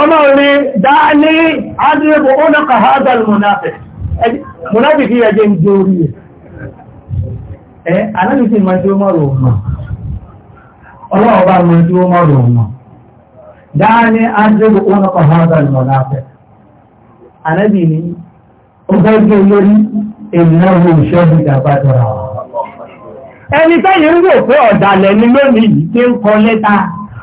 ọlọ́rin dáálé adìrẹ́bù ọ́nàkà hadal munafiki ẹjẹ́ ń jẹ́ orí ẹ̀ anábìsí ma jí ó ọmọ ma jí ó mọ́rọ̀ ọmọ dáálé adìrẹ́bù ọ́nàkà hadal munafiki anábì ni ó gẹ́gẹ́ lórí ẹni tẹ́yìn ọ̀dàlẹ̀ lónìí tí ń kọ lẹ́ta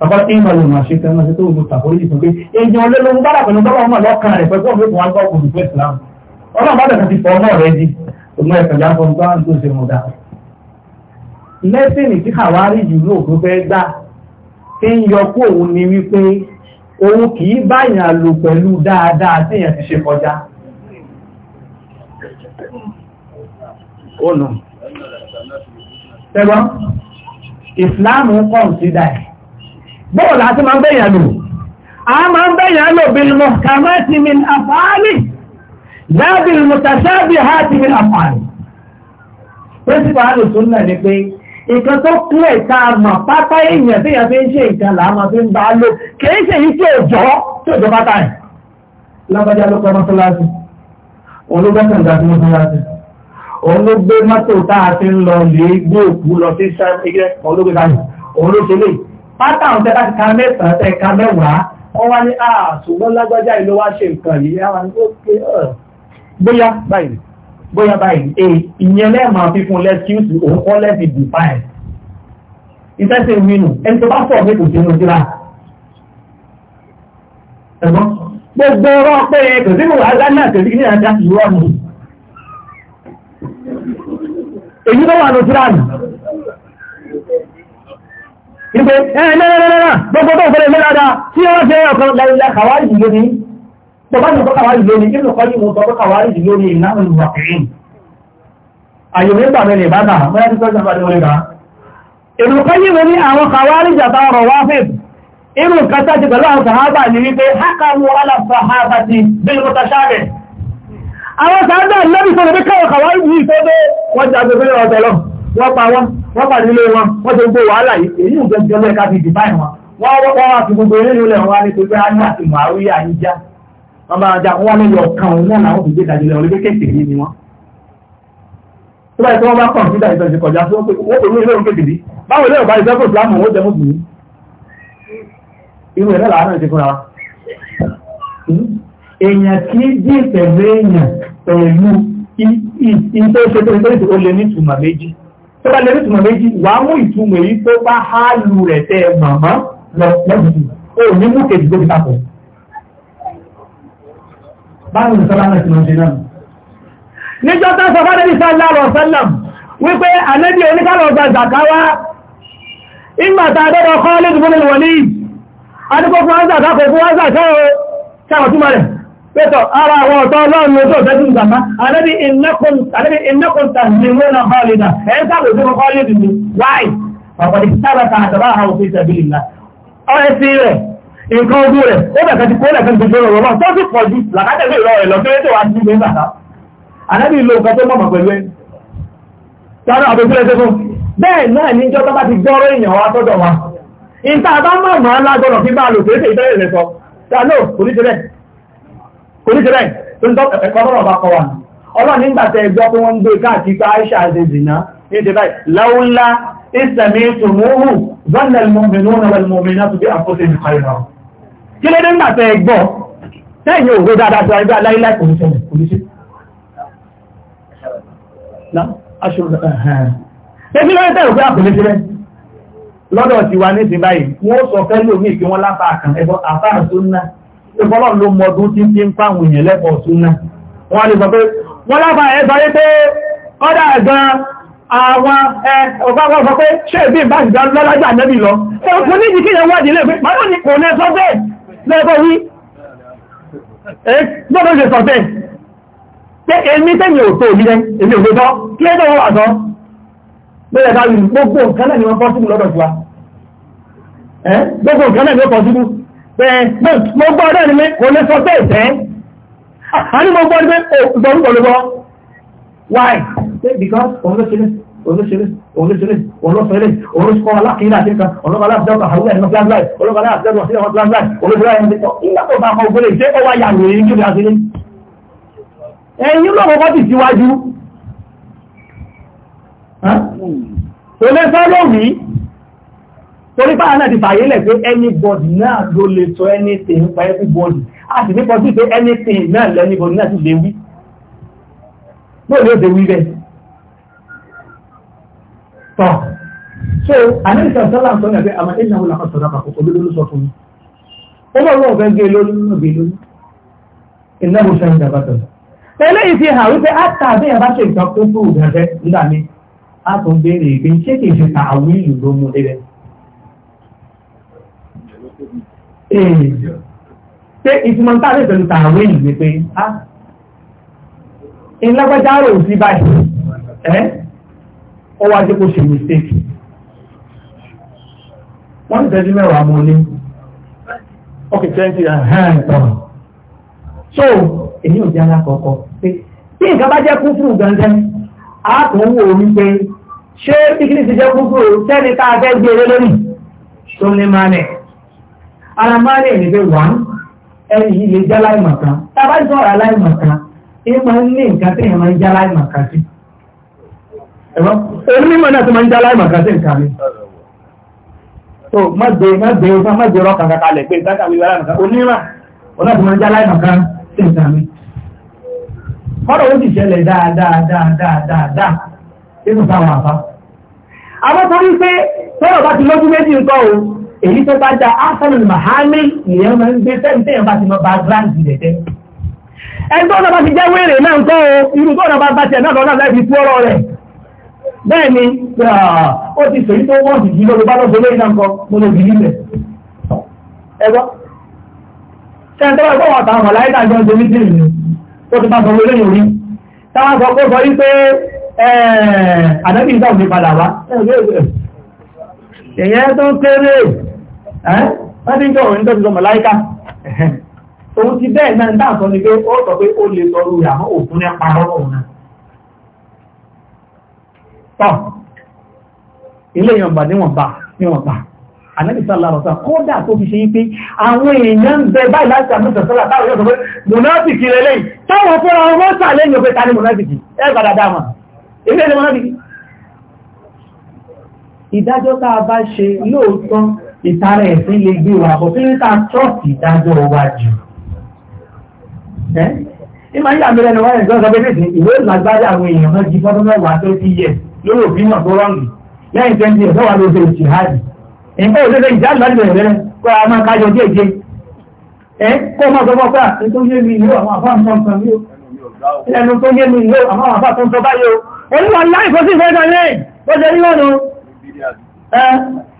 bàbá tí ń balùwẹ̀ máa ṣe kan máa ṣe tó gbogbo tàbórí ìsìn pé èèyàn olólùwọ́n bára pẹ̀lú bọ́lá ọmọ lọ́kàn rẹ̀ pẹ̀lú ọ̀fẹ́ wọn gbọ́ ògùn fún Islam ọlọ́run bá tẹ̀sán ti fọ ọmọ rẹ̀ di ògùn ẹ̀fẹ̀ jáfọ́ ń bá ń tó ṣe mọ̀ dá. lẹ́sìn tí kàwárí yìí ló tó fẹ́ gbà tí ń yọ kó òun ni wípé òun kì í báyàn lò pẹ̀lú dáadáa tí èèyàn ti ṣe kọjá. ó nà bọ́ọ̀ láti máa ń bẹ̀yàn lò a máa ń bẹ̀yàn lò bílmọ̀ kàmá ti min àfáàlì lábí mùtàṣábì ha ti min àfáàlì pẹ́sìpà á lò tún náà ni pé ìkan tó kílẹ̀ tá a mà pátá èèyàn tí a fi ń ṣe ìkan là á máa fi ń bá lò kìí ṣe yìí tí ò tí ò jọ pátá pátá àwọn tẹ́ka ti ka mẹ́sàn-án tẹ́ka mẹ́wàá wọ́n wá ní àà ṣùgbọ́n lágbájá ìlú wá ṣe nǹkan yìí àwọn ní ó pé ọ̀ bóyá báyìí bóyá báyìí e ìyẹn lẹ́ẹ̀mà fífún lẹ́síùsì òun kọ́ lẹ́sì dìfáìn ìfẹ́sẹ̀ wínú ẹni tó bá sọ̀rọ̀ pé kò sí inú síra ẹ̀gbọ́n gbogbo ọ̀rọ̀ pé kò sí ìwà kò sí ní àjà ìwọ́nù èyí tó wà ní síra nù ìpé ẹ̀ẹ́lẹ́lẹ́lẹ́lẹ́lẹ́ gbogbo tó fẹ́rẹ̀ mẹ́lára tí wọ́n jẹ́ ọ̀kan láìlẹ́ kàwárí lórí tọ́bá ní ọkọ̀ kàwárí lórí nínú kọ́ yìí mú tọ́bá kàwárí lórí ìnáwó ìwà kìín àyè mẹ́ta mẹ́lẹ̀ bàbà mẹ́ta tí wọ́n jẹ́ ọ̀rẹ́ rà ìlú kọ́ yìí mú ní àwọn kàwárí jàbá ọ̀rọ̀ wá fẹ́ inú kata ti pẹ̀lú àwọn sàhábà ní wípé hákà mú ala sàhábà ti bí mo ta ṣáàbẹ̀ àwọn sàhábà lọ́bí sọ̀rọ̀ bí káwọn kàwárí yìí tó dé wọ́n jẹ́ agbègbè ọ̀tọ̀ lọ́wọ́ wọ́n pa wọn wọ́n pa nílé wọn wọ́n ti gbó wàhálà yìí èyí ò gbẹ́jọ́ lẹ́ẹ̀ ká fi dìbáì wọn wọ́n wọ́n wá fi gbogbo eré lulẹ̀ wọn ní pé ayé àti màárí ayé já wọ́n bá já wọ́n lè yọ kan òun náà làwọn òbí dájú lẹ́wọ̀n lórí kékeré ni wọ́n. tó báyìí tí wọ́n bá kàn sí ìdájọ́ ti kọjá sí wọ́n pé olú ilé òun kékeré báwo ilé òun bá ìfẹ́ kò sílámù ó jẹ́ mọ́tò yìí irú ẹ̀ náà làwọn náà ti fúnra wa èèyàn kì í dín pẹ̀lú èèyàn pẹ̀lú ìtọ́ṣe tó ń tẹ́lẹ̀ tó lè ní ìtumọ̀ méjì tó bá lè rí ìtumọ̀ méjì wàá mú ìtumọ̀ èyí tó bá háàlù rẹ̀ tẹ màmá lọ lọ́dún o ní mú kejì tó fi papọ̀. báwo ni sábà náà ti máa ń ṣe náà. níjọ́ tó sọ fún adébí sálá lọ sálàm wípé ànábì oníkàlọ̀ gba zàkáwá ìgbà tá kọ́ lẹ́dùn fún mi wọ̀lí fún wọn zàká fún wọn zàká o pẹ́tọ̀ ara àwọn ọ̀tọ́ ọlọ́run lójú ọ̀tẹ́jú ìgbàmá alẹ́bí ìnákùntà ní mọ́nà kọ́lìdà ẹ̀yẹ́ sábò fún kọ́lìdì ní wáì ọ̀pọ̀dé sábàtà àtàbà àwọn òfin ìṣẹ̀bìlì ńlá ọ̀ẹ́sí rẹ̀ nǹkan ogun rẹ̀ ó bẹ̀ẹ̀ ti kólẹ̀ kan gbogbo ọ̀rọ̀ náà tó sì pọ̀ ju làkàtẹ̀lẹ̀ ìrọ̀ rẹ̀ lọ kí wọ́n wá sí ilé bàtà alẹ́bí ìlú nǹkan tó mọ̀mọ̀ pẹ̀lú ẹ̀ tọ́nà àbẹ̀sílẹ̀ tó fún bẹ́ẹ̀ náà ní ìjọba bá ti gbọ́rọ̀ èèyàn wá sọ́dọ̀ wa ìta bá mọ̀mọ́ alágbọ̀nà fí bá lò kéèké ìtẹ́lẹ̀ rẹ̀ sọ oníṣẹ́rẹ́ tó ń tọ́ ẹ̀kọ́ ọ̀rọ̀ bá kọ́ wa ọlọ́run nígbà tẹ ẹgbọ́ pé wọ́n ń gbé káàkiri pa aisha ṣe zìnà ní ti báyìí láúlá ìsẹ̀mí tòmóhù zọ́nà ìmọ̀mìnú náà ìmọ̀mìnú tó bí àkóso ìlú kàìrọ̀ kí ló dé nígbà tẹ ẹgbọ́ tẹ́yìn òwe dáadáa tó ẹgbẹ́ aláìláì kò ní ṣẹlẹ̀ kò ní ṣe. Ebi lórí tẹ́lẹ̀ pé àpò léṣe rẹ̀. Lọ́dọ̀ tiwa ní ti báyìí, wọ́n sọ fẹ́ lómi kí wọ́n lápá àkàn ẹ̀bọ àfáà tó ń ná ìfọ́lọ́ ló mọ ọdún tí tí ń pàwọn èèyàn lẹ́kọ̀ọ́ súnná wọ́n lè sọ pé wọ́n lábà ẹ sọ pé kọ́dà gan àwọn ẹ ọ̀gáwọ́ sọ pé ṣé ìbí ìbá ìdá lọ́lájà nẹ́bì lọ ẹ̀kùn ní ìdí kíyàn wádìí lè pé màá ní kò lẹ́ sọ bẹ́ẹ̀ lẹ́kọ̀ọ́ wí gbọ́dọ̀ ṣe sọ bẹ́ẹ̀ pé èmi tẹ́mi ò tó mi rẹ èmi ò gbẹ́tọ́ kí ẹ tọ́wọ́ àtọ́ bẹ́ẹ̀ ká gbogbo nǹkan náà ni wọ́n pọ́ síbù lọ́dọ̀ tiwa gbogbo nǹkan náà ni wọ́n pọ́ síbù pé mo gbọ́ ọdọ́ ni mi kò lè sọ pé ìfẹ́ a ní mo gbọ́ ni pé ìgbọ̀rúgbọ̀ ló gbọ́ why because òun ló ṣe lé òun ló ṣe lé òun ló ṣe lé òun ló fẹ́ lé òun ló kọ́ alákìíra àti nǹkan ọlọ́ba aláàbẹ̀dẹ́wọ̀ àwùjọ ẹ̀nà plan life ọlọ́ba aláàbẹ̀dẹ́wọ̀ àti ẹ̀nà plan life olóṣèlú ẹ̀yìn tó ìgbà tó bá kọ ògbólé ṣé ó wá yà lò yìí níbi àti ní. ẹ̀yin ló kọ́kọ́ ti síwájú. olè sáré òbí torí báyìí náà ti fàyè lẹ̀ pé anybody náà ló lè sọ anything nípa everybody a sì ní pọ́sí pé anything náà lẹ́ anybody náà sì lè wí bóyá ló dé wí bẹ́ẹ̀. tọ́ so anẹ́sà sọ́lá sọ́nà pé àmà ẹ̀yìn àwọn làkà sọ̀rọ̀ àpapọ̀ olódó ló sọ fún mi ó bọ̀ wọ́n fẹ́ gé lórí náà gbé lórí ìnáwó sẹ́yìn dàbàtọ̀ eléyìí fi hàn wípé á ta àbẹ́yà bá ṣe ìtàn kó fún òdàfẹ́ nígbà mi á tún béèrè pé ṣé kìí ṣe tààwí ìlú ló mú débẹ̀ èèyàn pé ìtumọ̀ tá a lè pẹ̀lú tààwé yìí wípé a ah, ìlágbájá rò sí báyìí ẹ́ ó wá dé ṣe mistake wọ́n tẹ́jú mẹ́wàá mọ́ ní ok twenty ẹ̀hán tọ̀ so èyí ò jẹ́ alákọ̀ọ́kọ́ pé tí nǹkan bá jẹ́ kúfùrù gangan a kò ń wò wípé ṣé píkìnì ti jẹ́ kúfùrù sẹ́ni tá a fẹ́ gbé lórí tó ní máa ara máa ń rìn bẹ́ẹ̀ wá ẹni yìí lè já láìmọ̀kan tábà sọ̀rọ̀ aláìmọ̀kan ẹ máa ń ní nǹkan tẹ̀yìn máa ń já láìmọ̀kan sí. èmi ní mọ̀nà tó máa ń já láìmọ̀kan sí nǹkan mi. tó má gbé má gbé ọkàn má gbé ọkàn kankan lẹ̀ pé nǹkan kan wíwá láìmọ̀kan onímọ̀ ọ̀nà tó máa ń já láìmọ̀kan sí nǹkan mi. kọ́dọ̀ ó sì ṣẹlẹ̀ dáadáa dáadáa dáadáa nínú táwọn àbá. àwọn torí pé tọ́rọ̀ bá ti èyí tó bá da arsenal mahami ìyẹn máa ń gbé sẹ́yìn tẹ́yìn bá ti mọ background rẹ̀ tẹ́. ẹgbẹ́ ọ̀nà bá ti jẹ́ wéèrè náà ń kọ́ o irú tó ọ̀nà bá bá tiẹ̀ náà lọ́nà láì fi tú ọ̀rọ̀ rẹ̀. bẹ́ẹ̀ ni ó ti sèyí tó wọ́n sì lórí bá lọ́sọ lórí náà kọ́ mo lè bìí lẹ̀. ẹgbọ́ sẹ́yìn tó bá gbọ́ wọn àtàwọn ọ̀la ẹ̀dá jọ ń domi dìrì ni ó ti bá sọ wọlé yòó rí táwọn sọ pé sọ yí pé àdébìnrin táwọn fi padà wá ẹ̀yẹ́ tó kéré wọ́n ti ń tọrọ ní tọ́jú sọmọ láyíká òun ti bẹ́ẹ̀ náà dáa sọ ni pé ó sọ pé ó lè sọ lórí àmọ́ òkun ní parọ́ òun náà tọ́ ilé ìyọ̀nba níwọ̀nba níwọ̀nba ànábìsá lárọ̀sá kódà tó fi ṣe yí pé àwọn èèyàn bẹ báyìí láti àmúṣà sọ́lá ìtara ẹ̀sìn lè gbé wa bọ̀ kí níta trọ́ọ̀tì ìdájọ́ wa jù. ní máa ń yà mí lẹ́nu wáyé ìjọba bẹ́ẹ̀ ní ìwé ìlàgbájá àwọn èèyàn náà jí fọ́dún mẹ́wàá tó ti yẹ lórí òfin náà tó rọ́ọ̀lù lẹ́yìn twenty years lọ́wọ́ ló ṣe ìṣèhádì. nǹkan òṣèlú ìjà ńlá ìbẹ̀rẹ̀ rẹ̀ kó a máa kájọ díẹ̀ díẹ̀. ẹ kó o máa sọ fọ́pẹ́ àtúntò yé mi ìlú àwọn àfáà ń sọ ẹnu tó yé mi ìlú àwọn àfáà tó ń sọ báyìí o. oníwà láì fọ́sí ìfẹ́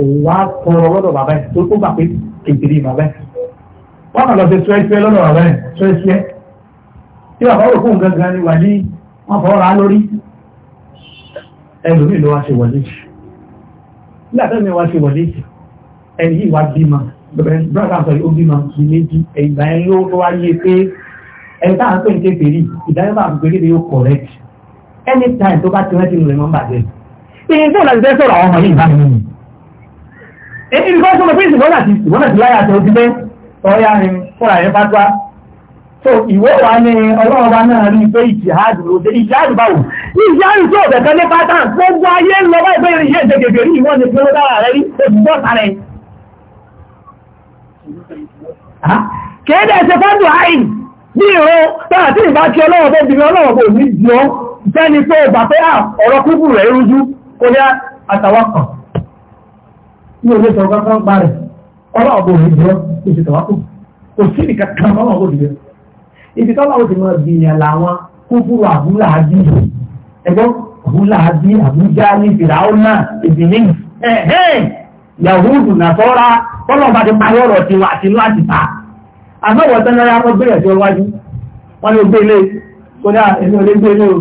òun wá tọrọ lọ́dọ̀ bàbá ẹ̀ tó tó gbà pé kékeré bàbá ẹ̀ wọ́n kàn lọ sí tíwẹ́tíwẹ́ lọ́dọ̀ bàbá ẹ̀ tíwẹ́tíwẹ́ tí bàbá rò fún gangan ni wà ní wọ́n fọwọ́ ra lórí ẹlòmíì ló wá ṣe wọlé nígbà tó ní wá ṣe wọlé ẹni yìí wá bímọ bẹ̀rẹ̀ brọ́dà sọ yìí ó bímọ bí méjì ìgbà yẹn ló tó wá yé pé ẹni táà ń pè ní kékeré ìdájọ́ bá ń pè ní yóò correct anytime tó bá ti rántí nù rẹ̀ mọ́ bàjẹ́ ìyẹn tó lọ sí fẹ́ sọ̀rọ̀ àwọn ọmọ yìí bá mi nù èyí ni kọ́sọ́mọ̀ pé ìsìnbọ́nà ti ìsìnbọ́nà ti láyà tó ti lé ọ̀yá ni fúnra ẹ̀ bá gbá so ìwé wa ní ọlọ́run bá náà rí pé ìjìhádù ló dé ìjìhádù bá wù ìjìhádù tó ọ̀bẹ̀ kan ní pátá gbogbo ayé ń lọ báyìí bẹ́ẹ̀rẹ̀ yé ìdẹ́gẹ̀gẹ̀ rí ìwọ́n ni pé ó dára rẹ̀ rí òṣìṣọ́ sàrẹ̀ kéde ẹsẹ̀ fọ́dù àìn ní ìró táà tí ìbá kí ọlọ́run bó bìnrin ọlọ́run bó ní jọ ìfẹ́ni pé ìgbà pé ọ̀rọ̀ kúkú rẹ̀ rújú kó ní àtàwọn kan ní òde sọ kankan pa rẹ̀ ọlọ́wọ́ bò ní jọ oṣù tọ́wá kù kò sí nìkan kan ọlọ́wọ́ bò dìbẹ́ ibi tọ́lá ó ti mọ bìyàn làwọn kúkúrú àbúlà bí ẹgbọ́n àbúlà bí àbújá ní fìràwọ́nà ìbìlín yahudu nàtọ́ra kọ́lọ́ọ̀bá ti parí ọ̀rọ̀ tiwa àtinú àtìta àmọ́wọ̀ tẹ́lẹ̀ yàtọ̀ gbé ẹ̀sẹ̀ wájú wọ́n ní gbélé kódà èmi ò lè gbélé o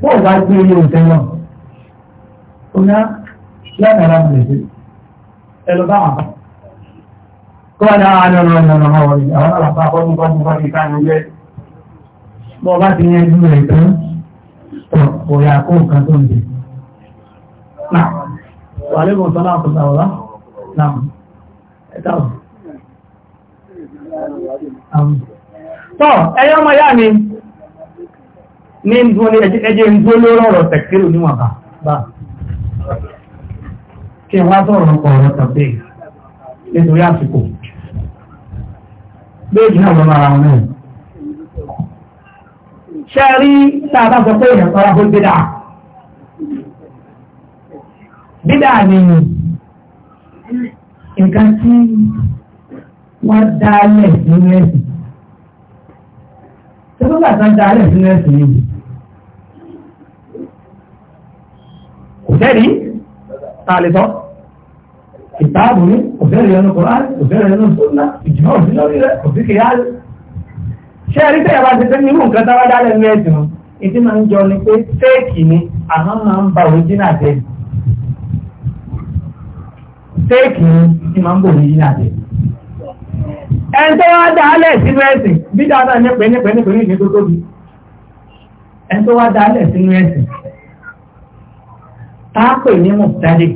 bóòwá gbélé o tẹ́lọ̀ kódà yàtọ̀ ara mi lè ṣe ẹlọ báwọn kọ́ ní ah, àwọn ọ̀nà ọ̀nà ọ̀nà ọ̀rọ̀ àwọn àlàpà ọdún kọ́dún kọ́dún káàkiri jẹ́ bọ́ bá ti yẹn jú rẹ̀ tán kò yà kó nǹkan tó ń jẹ náà wà lẹ́gbọ̀n tán láàpù sàwọ́lá náà ẹ̀ta tọ́ ẹyọ́ ọmọ yá mi ní ẹjẹ́ ń dúró lórọ̀ tẹ̀kírù níwọ̀n bá kí wá sọ̀rọ̀ ọkọ̀ ọ̀rọ̀ tàbí nítorí àsìkò méjì náà lọ́nà ni nǹkan tí wọ́n dálẹ̀ nínú ẹ̀sìn tó tó bàtà dálẹ̀ nínú ẹ̀sìn yìí kò sẹ́rí ta lè sọ ìtaàbù ní òfin ìyọnu koran òfin ìyọnu sunna ìjìmọ̀ òfin lórí rẹ òfin kìyàlù ṣé ẹ̀rí tẹ̀yà bá ti pé nínú nǹkan tá a bá dálẹ̀ ní ẹ̀sìn mu ìdí máa ń jọ ni pé fẹ́ẹ̀kì ni àmọ́ máa ń ba òríjìnà jẹ́ fẹ́ẹ̀kì ni ti máa ń bò òríjìnà jẹ́ ẹni tó wá dálẹ̀ sínú ẹ̀sìn bí dáadáa ní pẹ́ ní pẹ́ táàpè ní mùtálẹ̀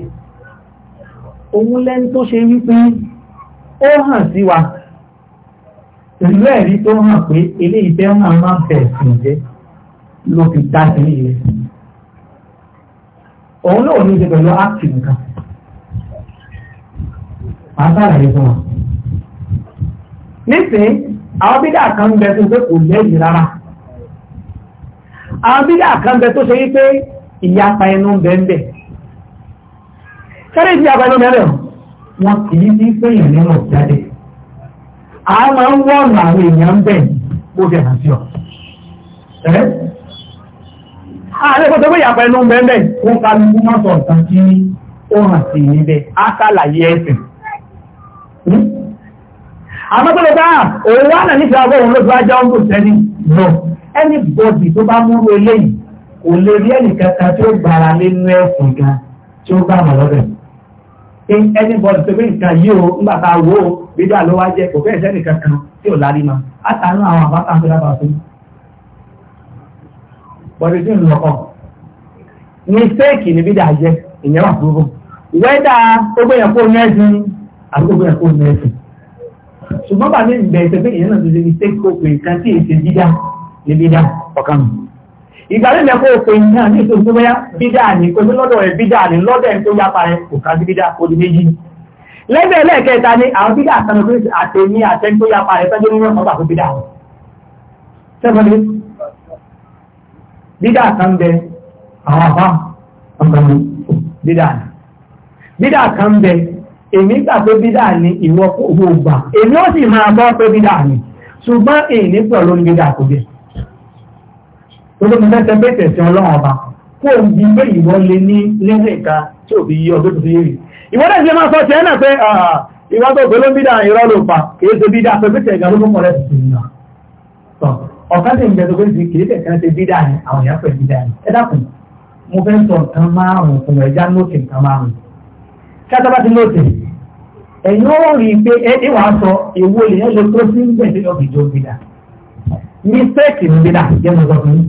òun lẹ́ni tó ṣe wípé ó hàn sí wa ìlú ẹ̀rí tó hàn pé eléyìí fẹ́ hàn máa ń bẹ̀rẹ̀ sí jẹ́ ló fi dá sí ilé òun náà ní í ṣe pẹ̀lú áàkì nìkan màá sàlàyé fún wa nísìnyí àwọn bídà kan ń bẹ tó pé kò lẹ́yìn rárá àwọn bídà kan ń bẹ tó ṣe wípé ìyapa ẹnu bẹ́ẹ̀ kẹ́rẹ́ ìdí àgbà ẹnu bẹ́ẹ̀ wọn kì í sí péyàn nínú jáde a máa ń wọ́n àwọn èèyàn bẹ́ẹ̀ bó fi hàn sí ọ. ààrẹ kò tó pé ìyapa ẹnu bẹ́ẹ̀ wọn ká ló kún mọ́tò ọ̀sán tí ó hàn sí níbẹ̀ á sàlàyé ẹ̀sìn. Hm? àmọ́ tó lọ bá òun wà náà nífẹ̀ẹ́ àbọ̀ òun ló fi wá jẹ́ ọ́n kò sẹ́ni lọ ẹni bọ́ọ̀dì tó bá múrú eléyìí kò lè rí ẹnìkan tí ó gbára lé nú tí ó lọ́dọ̀ yìí ẹni bọ́ọ̀lù tó gbé nǹkan yìí o ńgbà tá a wò ló wá jẹ kò fẹ́ẹ̀ sẹ́nìkan kan tí ò lárí ma àtàánú àwọn àbáta ń fi fún bọ́ọ̀lù tí ń ni bídà jẹ ìyẹn wà fún un wẹ́dà ó gbé yẹn kó ní ẹ̀sìn ó ìgbàlẹ́ mẹ́kọ́ òfin ní àmì ìṣòro tó bẹ́yà bídà ní kò sí lọ́dọ̀ rẹ̀ bídà ní lọ́dọ̀ ẹ̀ tó yapa rẹ̀ kò ká sí bídà ó di méjì. lẹ́gbẹ̀ẹ́ lẹ́ẹ̀kẹta ni àwọn bídà sanu pé àtẹ̀mí àtẹ̀mí tó yapa rẹ̀ fẹ́jọ́ nínú ọgbà fún bídà. sẹ́fọ̀dé bídà kan bẹ àwọn afá ọgbàmù bídà ní. bídà kan bẹ bídà olóògùn mẹ́tẹ́ bẹ́ẹ̀ tẹ̀sí ọlọ́run ọba kó o bí pé ìwọ lè ní lẹ́sẹ̀ ìka tí ò fi yí ọdún tó fi yé rí ìwọ náà ṣe máa sọ tiẹ̀ náà pé ìwọ tó gbé ló ń bídà irọ́ ló pa kìí ṣe bídà pé pé tẹ̀gà ló mú mọ̀rẹ́ sí i nà ọ̀ká sì ń bẹ tókè sí kìí tẹ̀gà ṣe bídà ni àwọn èèyàn pẹ̀ bídà ni ẹ dákun mo fẹ́ sọ nǹkan márùn-ún fún ẹja nóòtì nǹkan márùn-ún kí a tó bá ti nóòtì ẹ̀yin ó rí i pé ẹ wà á sọ èwo lè yẹn lè tó sí ń bẹ̀ nínú ìjọ bídà mistake ń bídà jẹ́ mo sọ fún yín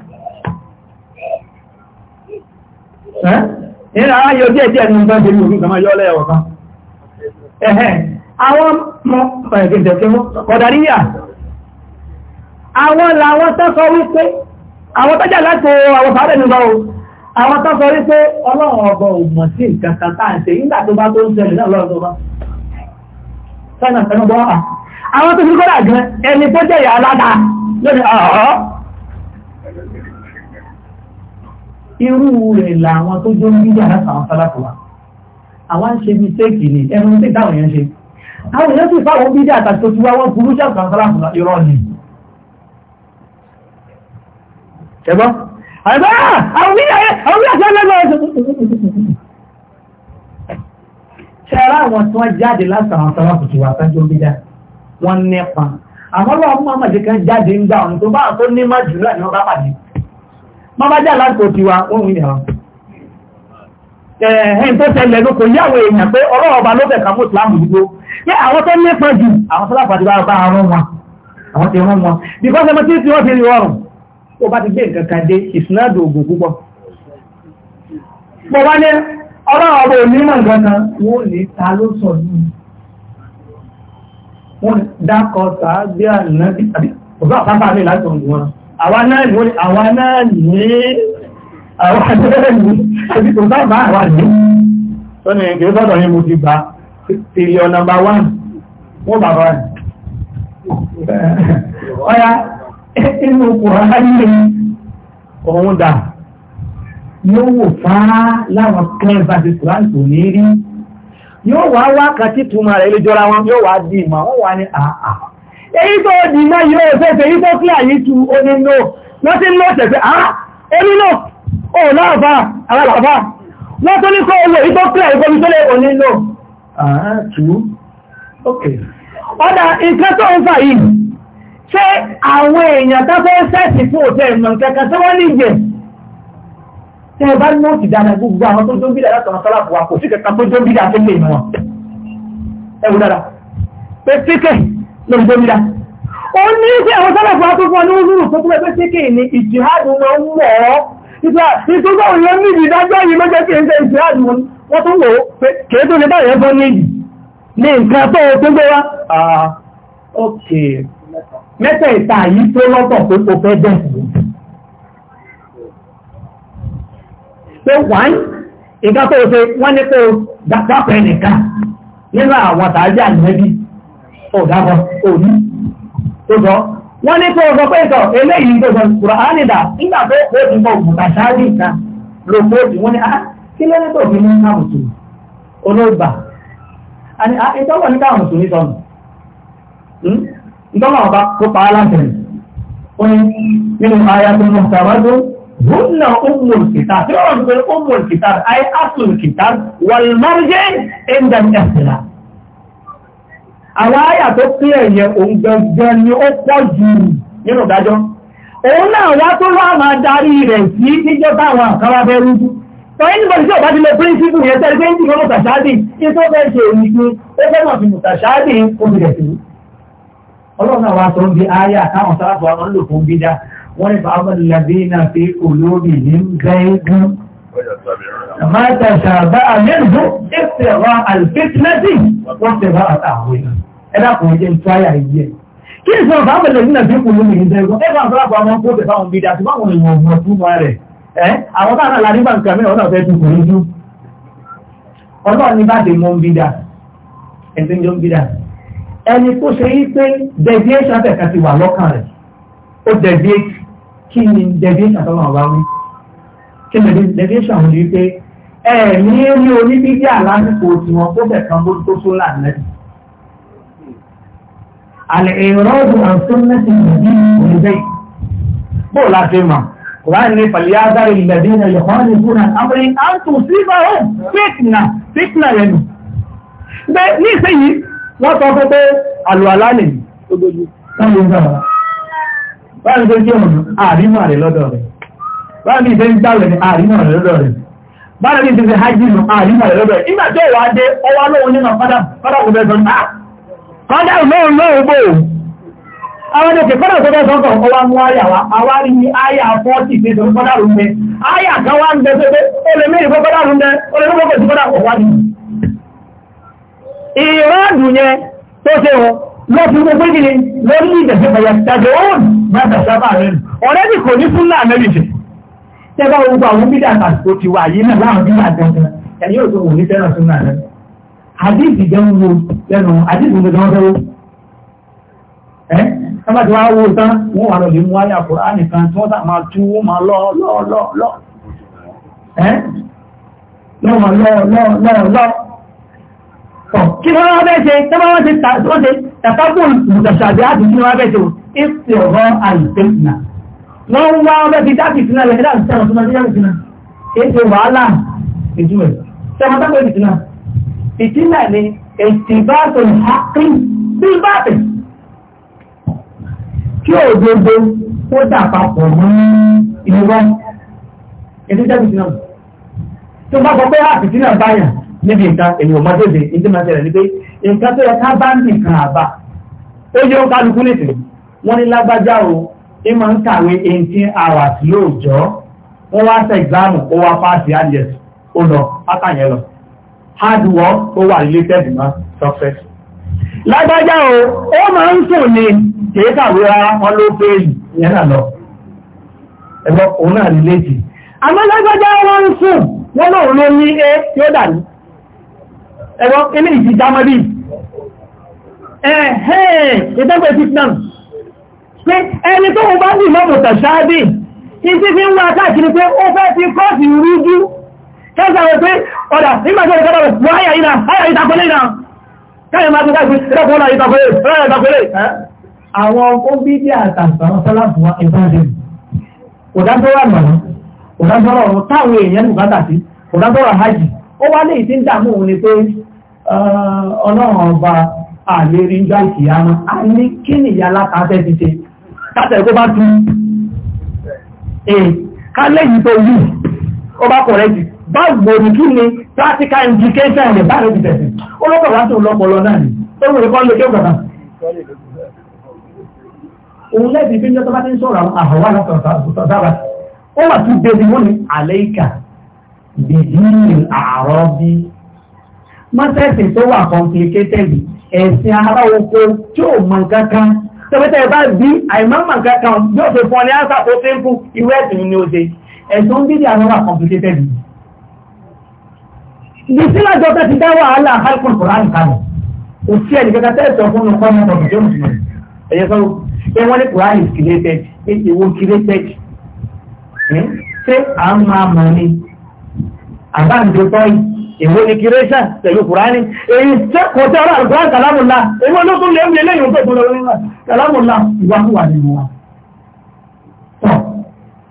nínú ayọ̀ díẹ̀ díẹ̀ ní nǹkan ṣe ní òkúta yọ́ lẹ́yọ̀ kan àwọn mọ́ ẹ̀gẹ̀dẹ̀kẹ́ kọ̀dàríyà àwọn làwọn wípé àwọn tọ́jà láti àwọn fàárẹ̀ o àwọn tọ́sọ wípé ọlọ́run ọgbọ̀ òmọ̀ sí tó bá tó ń irú rẹ̀ làwọn tó jó nígbà láti àwọn sálápù wa àwọn ń ṣe mistake ni ẹnu ń tètè àwọn èèyàn ṣe àwọn èèyàn sì fáwọn bídí àtàkì tó ti wá wọn burú ṣàkóso àwọn sálápù náà irọ́ ni. ṣẹgbọ́n àìsàn àwọn bídí àyẹ àwọn bídí àti ẹgbẹ́ náà ṣe ara àwọn tí wọ́n jáde láti àwọn sálápù tó wà sájọ́ bídí wọ́n nípa àwọn ọlọ́run máa máa jẹ́ kí wọ́n jáde ń gbà ọ̀nà má bá jà láti òtí wa wọ́n wí nìyàwó. ẹ̀hìn tó ṣẹlẹ̀ ló kò yáwó èèyàn pé ọ̀rọ̀ ọba ló fẹ̀ka mú ìsìlámù dúró pé àwọn tó lépa jù àwọn tó lápàdé bá bá rán wọn àwọn ti rán wọn bíkọ́ sọmọ tí wọ́n ti rí ọrùn ó bá ti gbé nǹkan kan dé ìsìnàdò ògùn púpọ̀. pọ̀ wá ní ọ̀rọ̀ ọba onímọ̀ nǹkan kan wọ́n ní ta ló sọ yìí wọ́n dákọ̀ sàá bí àná àwa náà ní àwa náà ní àwa náà ní àbí kò sábà àwa ní sọ́nà ìgbé sọ́dọ̀ yẹn mo ti gba tìlíọ̀ nàmbà wán wọ́n bàbá rẹ̀ ọ̀yà inú kùránì ọ̀hún dà yóò wò fáá láwọn kẹ́ẹ̀bà ti kùránì kò ní rí yóò wá wákàtí túmọ̀ rẹ̀ ilé jọra wọn yóò wá dì mà wọ́n wà ní àà èyí tó dì yóò ṣẹ́ṣẹ́ èyí tó kílà yìí tu onínú wọ́n ti lọ ṣẹ̀ṣẹ̀ àá ah, onínú ò oh, láàbá àràbà wọ́n ní kọ́ owó èyí tó kílà ìkọ́bí tó lé onínú àátú ah, ọ̀dà nǹkan tó ń fà yìí ṣé àwọn èèyàn tó fẹ́ sẹ́ẹ̀sì pé tíkẹ̀ lórí tó nílá ó ní ṣe àwọn sálàfà tó fún ọ ní wúrù tó túnbẹ̀ tó ṣe kí ní ìjìhádù wọn ń wọ̀ ọ́ ìtúgbà òyìn ní ìdájọ́ yìí mẹ́jẹ́ kí ń ṣe wọn wọ́n wò ó pé kìí tó lè báyẹ̀ fọ́ ní ìdí ní nǹkan tó o tó gbé wá ókè mẹ́tẹ̀ ìta yìí tó lọ́tọ̀ pé o fẹ́ bẹ̀ pé o ṣe nínú àwọn tàájà nìyẹn ọ̀dàbọ̀ òní tó sọ wọ́n ní kó o sọ pé ìtọ̀ eléyìí tó sọ Kùránì dà nígbà tó o ti mọ òkùnkà sáárì ìta ló kó o ti wọ́n ní á ah, kí ló ní tó fi ní ká mùsùlùmí olóògbà àni á ah, ìtọ́wọ̀ ní ká mùsùlùmí sọnù hmm? ìtọ́wọ̀ ọba tó pa á láti ó ní nínú ayatul muhtamadu هن أم الكتاب تقول أم الكتاب أي أصل الكتاب والمرجع عند الاختلاف àwọn àyà tó pé ẹ̀yẹ òun gangan ni ó pọ̀ jù nínú ìdájọ́ òun náà wá tó wá máa darí rẹ̀ sí níjọ́ táwọn àkàwà bẹ́ rújú sọ yín nígbà tí ọba ti lọ píríncípù yẹn tẹ́lẹ̀ pé ń jìnnà mùtàṣáàdì kí tó fẹ́ ṣe èyí pé ó fẹ́ mọ̀ sí mùtàṣáàdì obìnrin sí ọlọ́run náà wá ń bi àyà táwọn sáàbù àwọn ń lò fún bídá wọ́n ní fàámọ́ làbínà fi olórí ní gẹ́gùn mátàṣàbà àmẹ́rùn-ún ìṣẹ̀rọ àlùfẹ́tìlẹ́sì wọ́n ṣẹ̀rọ àtàwọn èèyàn ẹ̀dàkùn ẹ̀jẹ̀ ń tráyà yìí ẹ̀. kí ni sọ̀rọ̀ báwọn ẹ̀lẹ́gbìn náà dínkù lómi ní ìdẹ́gbọ́n ẹ̀ bá sọ̀rọ̀ àwọn kó tẹ̀ fáwọn bíi àti báwọn èèyàn ọ̀gbọ̀n fún wa rẹ̀ ẹ̀ àwọn táwọn àlá nígbà nǹkan mẹ́rin ọ̀nà ọ̀fẹ́ tún kò lójú. ọlọ́run ní bá dé mọ́ ń bídà ẹ̀sìn jọ ń bídà ẹni kó ṣe yí pé deviation tẹ̀ka ti wà lọ́kàn rẹ̀ ó deviate kí ni deviation tó wà wá wí kí ni deviation wọ́n ní pé ẹ̀ẹ̀mí ní oníbíjà lásìkò tiwọn kó fẹ̀ kan bó tó sólà àlẹ́ẹ̀rọ́dù àǹsọ́nẹ́sì ìdí ìgbẹ́ bó láti mọ̀ kùrán ní pàlíyádá ìlẹ̀dínà yọ̀hánì kúrán àmì àǹtù síbà ó fìtnà fìtnà rẹ̀nu gbé ní ìsẹ́yìí wọ́n sọ pé àlùalá nì báyìí tó jẹ́ ọ̀nà àrímọ̀ rẹ̀ lọ́dọ̀ rẹ̀ báyìí tó ń gbàwẹ̀ ní àrímọ̀ rẹ̀ lọ́dọ̀ rẹ̀ báyìí tó ń ṣe hajj nù àrímọ̀ rẹ̀ lọ́dọ̀ rẹ̀ nígbà tó wàá dé ọwọ́ lóhun nínú fádà kọ́dá lóòrùn lóòrùn gbò àwọn ẹ̀kẹ́ kọ́dá tó bẹ́ sọ́kọ̀ ọwá mú àyà wá àwárí ní àyà fọ́tì pé tó àyà kan wá ń tó ó lè mẹ́rin ó lè mọ́kọ̀ sí ìrọ́dù tó ṣe wọn lọ fún gbogbo ìdílé lórí òun bá rẹ̀ ọ̀rẹ́ kò ní fún náà tẹ́gbà gbogbo àwọn bídà ti wà yìí náà àdìsí jẹ́ ń wo lẹ́nu àdìsí ń gbẹ̀dọ̀ fẹ́ wo. ẹ́ sábà tí wàá wo tán wọ́n wà lọ́ọ́ lè mú ayé àkùrá nìkan tí wọ́n sà máa tú wọ́n máa lọ́ lọ́ lọ́ lọ́ ẹ́ lọ́ máa lọ́ lọ́ lọ́ lọ́. ọ̀ kí ni wọ́n bẹ́ẹ̀ ṣe sábà wọ́n ṣe wọ́n ṣe tàbábò ìmùtàṣàbí àti kí ni wọ́n bẹ́ẹ̀ ṣe o ìpè ọ̀rọ̀ àìsèǹtìnà wọ́n ń wá ọbẹ̀ fi dáàbì ìfìnà lẹ́yìn dáàbì ìfìnà lẹ́yìn dáàbì ìtìlẹ̀ ni ìtìbáàtò hákì bí báàtì kí òdodo kó dàpapọ̀ mọ́ ìwọ́ ẹni jẹ́ bìtì náà tó bá sọ pé àbìtì ah, náà báyà níbi nǹkan èyí ò máa dédé ìdí máa ṣẹlẹ̀ ní pé nǹkan tó yẹ ká bá nìkan àbá ó yẹ ó kálukú nìsín wọ́n ní lágbájá o ẹ máa ń kàwé eighteen hours lóòjọ́ wọ́n wá ṣe exam ó wá pass the ó lọ pátá lọ hard work ó wà related mọ́ success. lágbájá o ó máa ń sùn ní kìí kàwé ara wọn ló pé ìyẹn náà lọ ẹ̀rọ òun náà relate. àmọ́ lágbájá wọn ń sùn wọn lòun ló ní é yóò dàní ẹ̀rọ ilé ìjì jámọ́bì ẹ̀hẹ́n ìdẹ́gbẹ̀ fitnam pé ẹni tó ń bá ní ìmọ̀ mọ̀tàṣáàbì ìdí fi ń wá káàkiri pé ó fẹ́ fi kọ́ọ̀sì rújú kẹ́sà rẹ̀ pé ọ̀dà nígbàtí ọ̀dà rẹ̀ wọ́n háyà ìlà háyà ìtàkọ́lé náà káyà máa tó káàkiri ẹ̀dọ́kọ́ ọ̀nà ìtàkọ́lé rẹ̀ ìtàkọ́lé àwọn ọkọ̀ bí i àtàkọ́ sọ́láfún ẹ̀fọ́dẹ̀ òdátọ́rọ̀ àmàlà òdátọ́rọ̀ ọ̀rọ̀ táwọn èèyàn bùkátà sí òdátọ́rọ̀ hajj ó wá lè ti ń dààmú òun ni pé ọlọ́run ọba àlérí ń gbá ìkìyàmọ́ a ní kí nìyá látàtẹ́ ti ṣe tátẹ̀ kó bá tún ẹ̀ ká lẹ́yìn tó yìí ó bá kọ̀rẹ́ jù báwo ni kí ni practical implication rẹ̀ bá rẹ̀ ti tẹ̀sí ó lọ́pọ̀ láti ọlọ́pọ̀lọ́ náà ni ó wèrè kọ́ lókè gbàgbà. òun lẹ́bi bí njẹ́ tó bá ti ń sọ̀rọ̀ àwọn àhọ́wá lọ́sọ̀rọ̀ sábà ó wà tún débi wọ́n ní àlẹ́kà bìbí àárọ̀ bí. mọ́tẹ́sì tó wà complicated ẹ̀sìn ara oko tí ò mọ kankan tẹ́fẹ́tẹ́ bá bí àìmọ́mọ̀ kankan yóò fi fún ọ ní àṣà tó simple ìwé ẹ̀sìn ni ó ṣe ẹ̀sùn bíbí àwọn wà complicated ìdísílájọ tẹ́ ti dá wàhálà halkun kùránì kalẹ̀ kò sí ẹnì kankan tẹ́ sọ fún mi kọ́ mọ́ ọ̀dọ̀ jẹ́ mùsùlùmí ẹ̀yẹ sọ́rọ̀ pé wọ́n ní kùránì is created pé ìwọ created ṣé à ń máa mọ̀ ni àbá ń jọ tọ́yì ìwọ ni creation pẹ̀lú kùránì èyí ṣé kò tẹ́ ọ̀rọ̀ àlùkùránì kàlámùlá èmi olókùn lè ń lè lẹ́yìn òkú kàlámùlá ìwà fún wa nínú wa.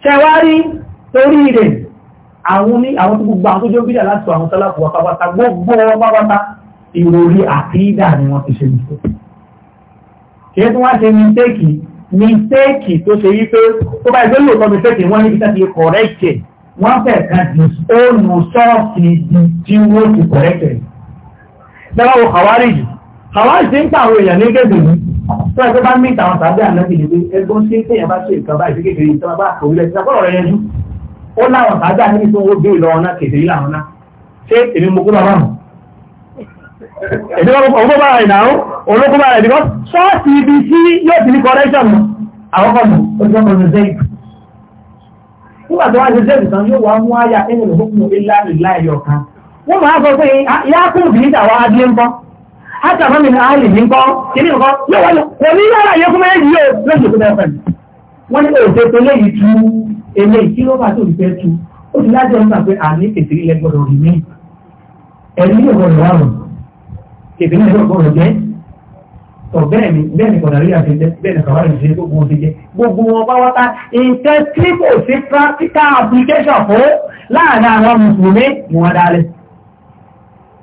ṣẹ̀wárí torí rẹ̀ àwọn ní àwọn tó gbogbo àwọn tó jẹ́ bídà láti àwọn tọ́lápù wàpápátá gbogbo wàpápátá ìròrí àkídà ni wọ́n ti ṣe mistake. kí ẹ́ tí wọ́n ṣe mistake mistake tó ṣe wípé tó bá ẹgbẹ́ lóòótọ́ mistake wọ́n ní kí sáà ti correct ẹ̀ wọ́n fẹ́ kan disown sọ́ọ̀sì di tí wọ́n ti correct ẹ̀. dábàá wo kàwárí yìí kàwárí ti ń pa àwọn èèyàn ní gẹ́gẹ́ mi tó ẹgbẹ́ bá mí ìtàwọn tàbí àná ó láwọn sáájà níbi tó ń wó gbé ìlọrin náà kèsì ìlànà náà ṣé èmi mo kó bàbá wọn. èdè wọn kò bá rẹ̀ náà olóko bá rẹ̀ bíkọ́ ṣọ́ọ̀ṣì ibi tí yóò ti ní correction àkọ́kọ́ mi ó ti sọ́kọ̀ ṣe nígbà tó wá ṣe ṣe ìtàn yóò wá mú àyà ẹni ló fún mi láàrin láì ọ̀kan wọ́n máa sọ pé ah, yáàkùn bìí tàwa adé ń bọ́ àtàwọn mi ní àárín mi ń bọ́ kí ní nǹkan yóò wọ́n kò ní yàrá yẹ fún méjì yóò lóṣù tó bẹ́ẹ̀ pẹ̀lú wọ́n ní òṣèlú léyìí tú eléyìí tí rọ́bà tó ń fẹ́ tu ó ti lájọ nígbà pé àní kẹfìrí lẹ gbọdọ̀ rí mí ẹni yóò gbọdọ̀ wà rùn kẹfìrí lẹ gbọdọ̀ jẹ́ tọ̀ bẹ́ẹ̀ ni bẹ́ẹ̀ ni kọ̀dà rí àti jẹ́ bẹ́ẹ̀ ni kọ̀dà rí àti gbogbo wọn ti jẹ́ gbogbo wọn bá wáta nǹkan kò sí practical application fún láàárín àwọn mùsùlùmí ni wọ́n dálẹ̀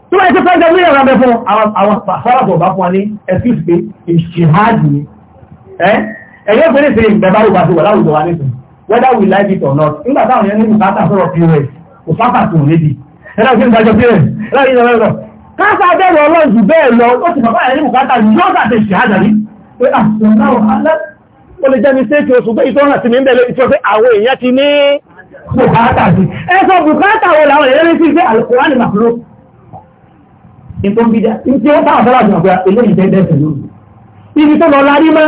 tó ẹ ti fẹ́ jẹ́ mílíọ̀nù abẹ fún àwọn fọ́lọ́pọ̀ bá fún wa ní excuse pé ìṣèhádìí ẹ ẹ̀yẹ́ pé ní sèré ìgbàgbọ́ àwùjọ wa ní whether we like it or not nígbà táwọn yẹn ní bùkátà sọ̀rọ̀ pos kò sábà tó lédi ẹ̀rọ kí n gbàjọ pos ẹ̀rọ yìí lọ́wọ́ lọ káfá bẹ̀rẹ̀ ọlọ́ọ̀dù bẹ́ẹ̀ lọ ó ti bàbá yẹn ní bùkátà yọ́ọ̀dà ti ṣe àjàrí pé ó lè jẹ́ mi ṣé kí o ṣùgbọ́n ìtọ́ hàn sí mi ń bẹ̀rẹ̀ ìtọ́ pé àwọn èèyàn ti ní bùkátà sí ẹ sọ bùkátà wo làwọn èèyàn ti gbé àlùkùránì màkúrò nítorí bí i tí ó bá àbọ̀lá àjọ àgbà eléyìí tẹ́ bẹ́ẹ̀ pẹ̀lú ibi tó lọ larí mọ́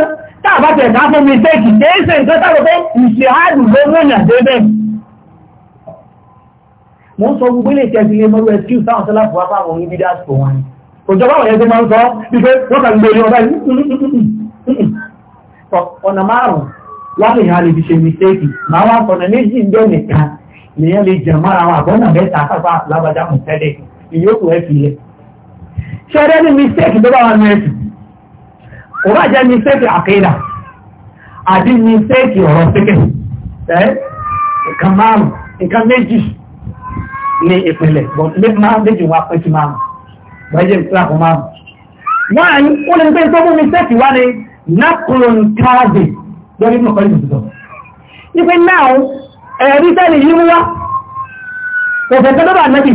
tàbátẹ̀ ká fún mistake kéèsè nǹkan tàbí pé ìṣèhádùn ló múnà débẹ̀ mo ń sọ gbogbo ilé ìṣẹ́ ìdílé mọ́rú excuse táwọn sọ́lá fún apá àwọn oníbí dá sọ wọn òjọba àwọn ẹgbẹ́ máa ń sọ wípé wọ́n kàn gbé ọba ọ̀nà márùn-ún wọ́n lè yàn lè fi ṣe mistake máa wá sọ̀nà méjì ń jẹ́ nìkan lèyàn lè jẹ̀ mọ́ra wọn àbọ̀nà mẹ́ta kápá lábàjá mùsẹ́lẹ̀ ìyókù ẹ̀ fi lẹ̀ ṣẹ́rẹ́ ní mistake tó bá wà ní ẹ̀sìn kò bá jẹ́ mistake àkéèdà àti mistake ọ̀rọ̀ síkẹ̀ ẹ́ nǹkan márùn nǹkan méjì ní ìpìlẹ̀ but márùn méjì wá pẹ́ sí márùn bẹ́jẹ̀ ìpìlẹ̀ àkọ́ márùn. wọ́n á ní ó lè gbé tó mú mistake wá ní nakulon káàdì lórí inú ọ̀kọ́ ìdìbò. ipe náà ẹ̀rí sẹ́ni yìí mú wá òfin tó dábàá nẹ́bì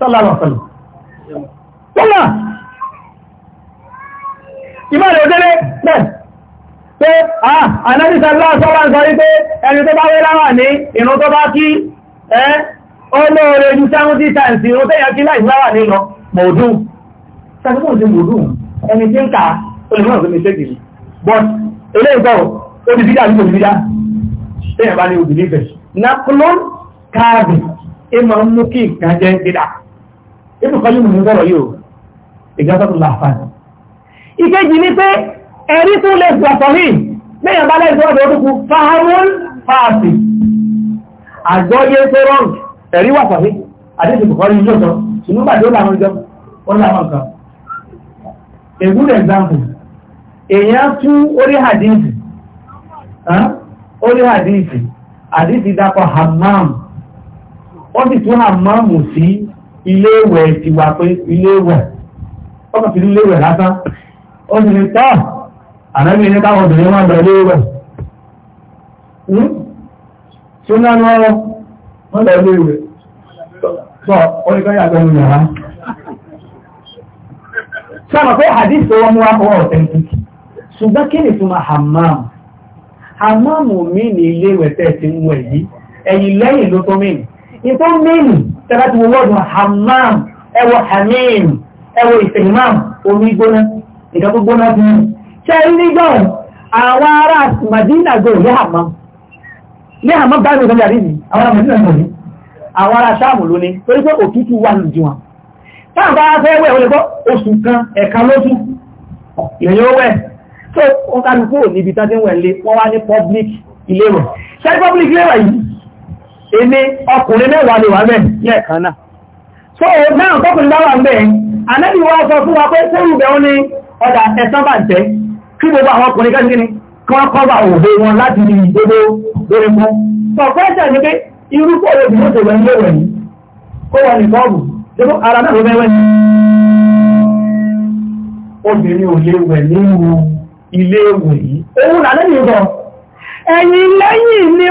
sọ́lá lọ́sọ̀lọ́ ìmọ̀lẹ̀ òdélé bẹ́ẹ̀ pé ànábìsà lọ́sọ́lá ń sọ wípé ẹni tó bá wé láwà ní ìrun tó bá kí ẹ́ olóore ju 70 times ìrun tó yẹ kí láì láwà ní lọ mọ̀ọ́dún sàkókò sí mọ̀ọ́dún ẹni tí ń kà olùmọ̀ràn tó mi ṣe kìí but ilé ìgbọ́ ó di bídá àdúgbò bídá tẹ́yìn bá ní obì nífẹ̀ẹ́ naklon káàbì ẹ máa ń mú kí ìkànjẹ́ bídá ibùkọ́ yóò mú sọ̀rọ̀ yìí o ìgbà tó tún láǹfààní ìkejì ní pé ẹ̀rí tún lè gbàtọ̀rí lẹ́yìn bá lẹ́yìn tó wọ́n tó fáhámún fáàsì àgbọ́yé tó rọrùn ẹ̀rí wà pàdé àdéṣe kòkòrò yìí lọ́tọ̀ ṣùgbọ́n gbàdé ó làwọn jọ a good example èèyàn tú orí hadithi orí hadithi hadithi dápọ̀ hammam ó sì tún hammam sí iléèwẹ̀ tiwa pé iléèwẹ̀ ọkọ̀ sí iléèwẹ̀ lásán obìnrin tọ́ ànábì ní káwọn obìnrin máa bẹ̀rẹ̀ lórí tí hmm? ó lánà ọ̀rọ̀ wọ́n lọ lórí tọ́ oríkọ́yà ọrụ ọrụ yàrá sọ́nà pé hadith wọn mú àpọ̀ authentic ṣùgbọ́n kí ni túnmọ̀ hammam mi ní ilé ń wẹ̀ yìí ẹ̀yìn lẹ́yìn ló tó tẹ́lá ti omi gbóná ìkan tó gbóná bí ṣe rí nígbà àwọn ará Madina go léhàmá léhàmá bá mi kan yàrí àwọn ará Madina kò ní àwọn ará sáàmù ló ní torí pé òtútù wà ní ìdíwọ̀n táwọn bá fẹ́ wẹ̀ wọlé kọ́ oṣù kan ẹ̀ka lóṣù ìrìn owó ẹ̀ wọ́n wá public ilé rẹ̀ public ilé rẹ̀ yìí èmi ọkùnrin mẹ́wàá lè wà mẹ́ so náà tọkùnrin bá wà ń bẹ́ẹ̀ ànábì wá sọ ọ̀dà ẹ̀sán bá ń kí gbogbo àwọn ọkùnrin kẹ́sìkí ni kí wọ́n kọ́ bá òde wọn láti ni pé irú kọ́ọ̀lù ló tẹ̀wé ilé wẹ̀ ní kó wọn nìkan ọ̀bù débò ara náà ló mẹ́wẹ́ ní. obìnrin ò lè wẹ̀ nínú ilé ìwé yìí. òun ẹ̀yìn lẹ́yìn ni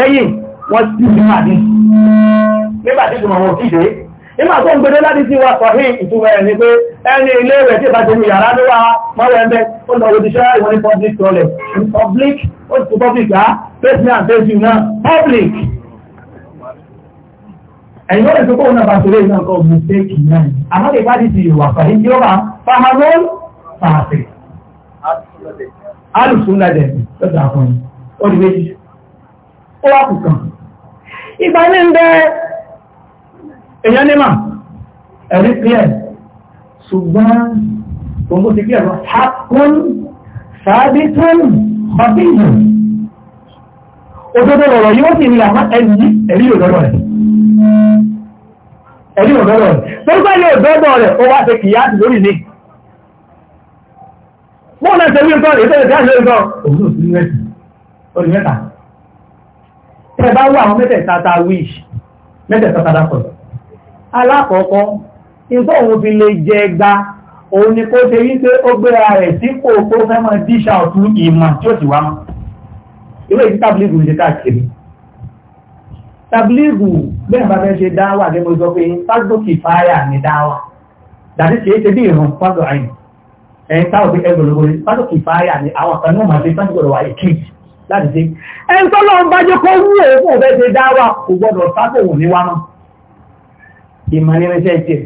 ó di wọ́n ti ní màdí nígbà tí ìtumọ̀ wọn kíde nígbà tó ń gbẹdẹ láti sí wa sọ̀rí ìtumọ̀ ẹni pé ẹni ilé rẹ̀ tí ìbá jẹun yàrá ló wà mọ́rẹ̀ ẹ̀mẹ́ ó lọ wo iṣẹ́ ìwọ̀n ní public toilet in public ó ti public á pèsè náà pèsè náà public ẹ̀yìn lọ́rẹ̀ tó kóhùn náà bá sọ̀rọ̀ ìlànà kan mistake náà àmọ́ lè bá di ti ìwà sọ̀rí tí ó bá fahamọ́n fàáfẹ́ alùsùn lẹ́dẹ̀ẹ́ lọ́dọ̀ àkọ́yìn ó di méjì ó wà kù kàn ìgbà ní ń bẹ èyàn nímà ẹ̀rí clear ṣùgbọ́n òun ti clear lọ hakun sábìtún bàbíyù òdodo lọ̀rọ̀ yóò sì ní àmá ẹ̀yí ẹ̀rí òdọ́rọ̀ rẹ̀ ẹ̀rí òdọ́rọ̀ rẹ̀ tó ń pẹ́lú òdọ́rọ̀ rẹ̀ ó wá ṣe kìyà lórí ní mọ́ náà ṣe wí nǹkan ètò ìdájọ́ nǹkan òun orí mẹ́ta tẹ́ bá wà àwọn mẹ́tẹ̀ẹ̀ta ta wish mẹ́tẹ̀ẹ̀ta ta dákọ̀ọ́ alákọ̀ọ́kọ́ nígbà òun fi lè jẹ gba òun ni kó ṣe wípé ó gbéra rẹ̀ sípò kó fẹ́ mọ́ díṣà ọ̀tún ìmọ̀ tí ó sì wá mọ́ ìwé ìdí tábìlìgù ń ṣe káàkiri tábìlìgù bẹ́ẹ̀ bá fẹ́ ṣe dáwà ní mo sọ pé fásitì fáyà ni dáwà dàbí kìí ṣe bí ìrùn fásitì àyìn ẹ̀yìn táwọn fi ẹgbẹ̀rún lórí fásitì fáyà ni àwọn kan náà máa fi fásitì láti dé ẹni tó lọ́n bá jẹ́ kó wú òkú òfẹ́ ṣe dáwà kò gbọ́dọ̀ sákòwò ní wa náà ìmọ̀ ní irinṣẹ́ tiẹ̀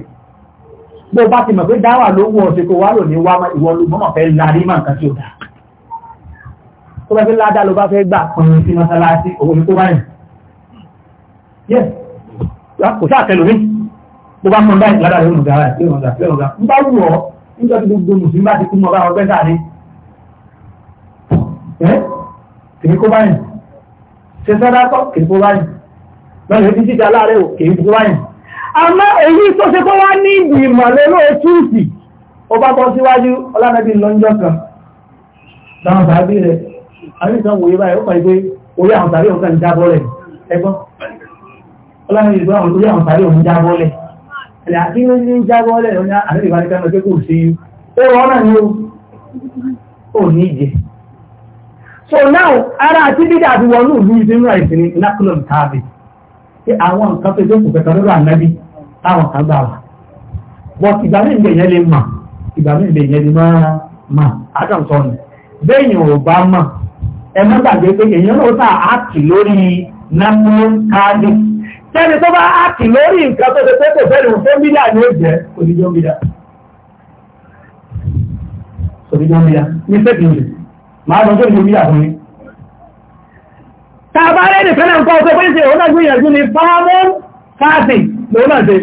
bó bá ti mọ̀ pé dáwà ló wù ọ̀sẹ̀ kó wá lò ní wa ìwọ ló mọ̀ fẹ́ larí mọ̀ nǹkan tí ó dá tó bá fẹ́ ládàá ló bá fẹ́ gbà pọ̀nrún sí mọ́sálásí òun tó báyìí yẹ kò sáà kẹlò mí bó bá mọ̀ báyìí ládàá yóò nùgà yóò nùgà yóò nùgà ń bá wù ọ́ nígbà tí gbogbo mùsùlùmí bá ti kú mọ́ bá wọn fẹ́ sáré kìí kó báyìí ṣe sàdákà kìí kó báyìí lọ́nà ìdí jíjà láàrẹ̀ ò kìí kó báyìí àmọ́ èyí tó ṣe kó wá ní ìdí ìmọ̀lẹ́ ló túùsì ó bá bọ́ síwájú ọlánàbí lọ́njọ́ kan láwọn tàbí rẹ̀ àwọn ìtàn wòye báyìí ó pàdé orí àwọn tàbí òun kan jábọ́ rẹ̀ ẹgbọ́n ọlánàbí ìgbà àwọn orí àwọn tàbí òun jábọ́ rẹ̀ ẹ̀lẹ́ so now ara ati dídà àti wọnú ìlú ìdínú àìsàn ní àwọn nǹkan tó jókòó kẹta táwọn kan gbà wá but ìgbà ìgbà yẹn lè mà ìgbà ìgbà yẹn lè má ni bẹ́ẹ̀yìn ò bá mà ẹ má gbàgbé pé èèyàn ló sà áàkì lórí nakulum tàbí sẹ́ni tó bá áàkì lórí nǹkan tó ṣe fẹ́ mílíà ni ó jẹ́ mílíà máa lọ sórí ìbíyà fún yín. tàbá rẹ̀ nìkan náà kọ́ ọ̀sẹ̀ pẹ́sẹ̀ òun náà gbìyànjú ni fáwọn fáàtì lòun náà ṣe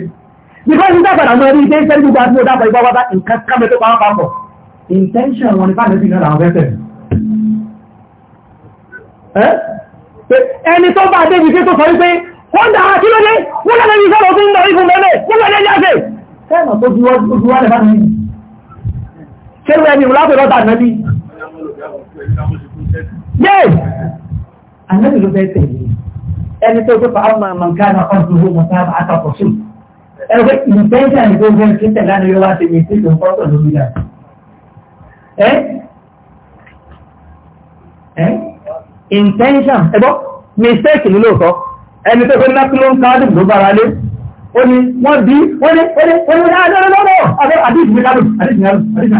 because ní dábàdà mọ́ ẹni ìdẹ́sẹ́ ní gbogbo àdúgbò dábàá ìgbà wábá nǹkan kámẹ́ tó pàmò papọ̀ intention wọn ni bá lẹ́sìn náà làwọn fẹ́fẹ́ ẹni tó bá débi pé tó sọ wípé wọ́n dà á kí ló dé wọ́n lọ́dọ̀ ní sọ́dọ̀ tó ń lọ ikú mẹ́lẹ̀ wọ́n lọ́dọ̀ ní àṣẹ fẹ́ẹ̀nà tó ju wọ́n lẹ̀ bá mi. ṣé wẹ́n ni ìwúlá yes anabi ló fẹ́ tẹ̀lé ẹni tó tó fa àwọn ọmọ nǹkan àná ọdún owó mọ̀tá àtàkùn sí ẹgbẹ́ ìtẹ́jà ìgbó fẹ́ kí tẹ̀lé àná yóò wá sí mi sí ìlú pọ́tọ̀ lórí rẹ̀ ẹ́ ẹ́ intention ẹgbọ́ mistake ló lóòótọ́ ẹni tó fẹ́ náà ló ń káàdì ló bára lé ó ní wọ́n bí wọ́n ní wọ́n ní wọ́n ní wọ́n ní wọ́n ní àdéhùn mi àdéhùn mi kádùn àdéhùn mi kádùn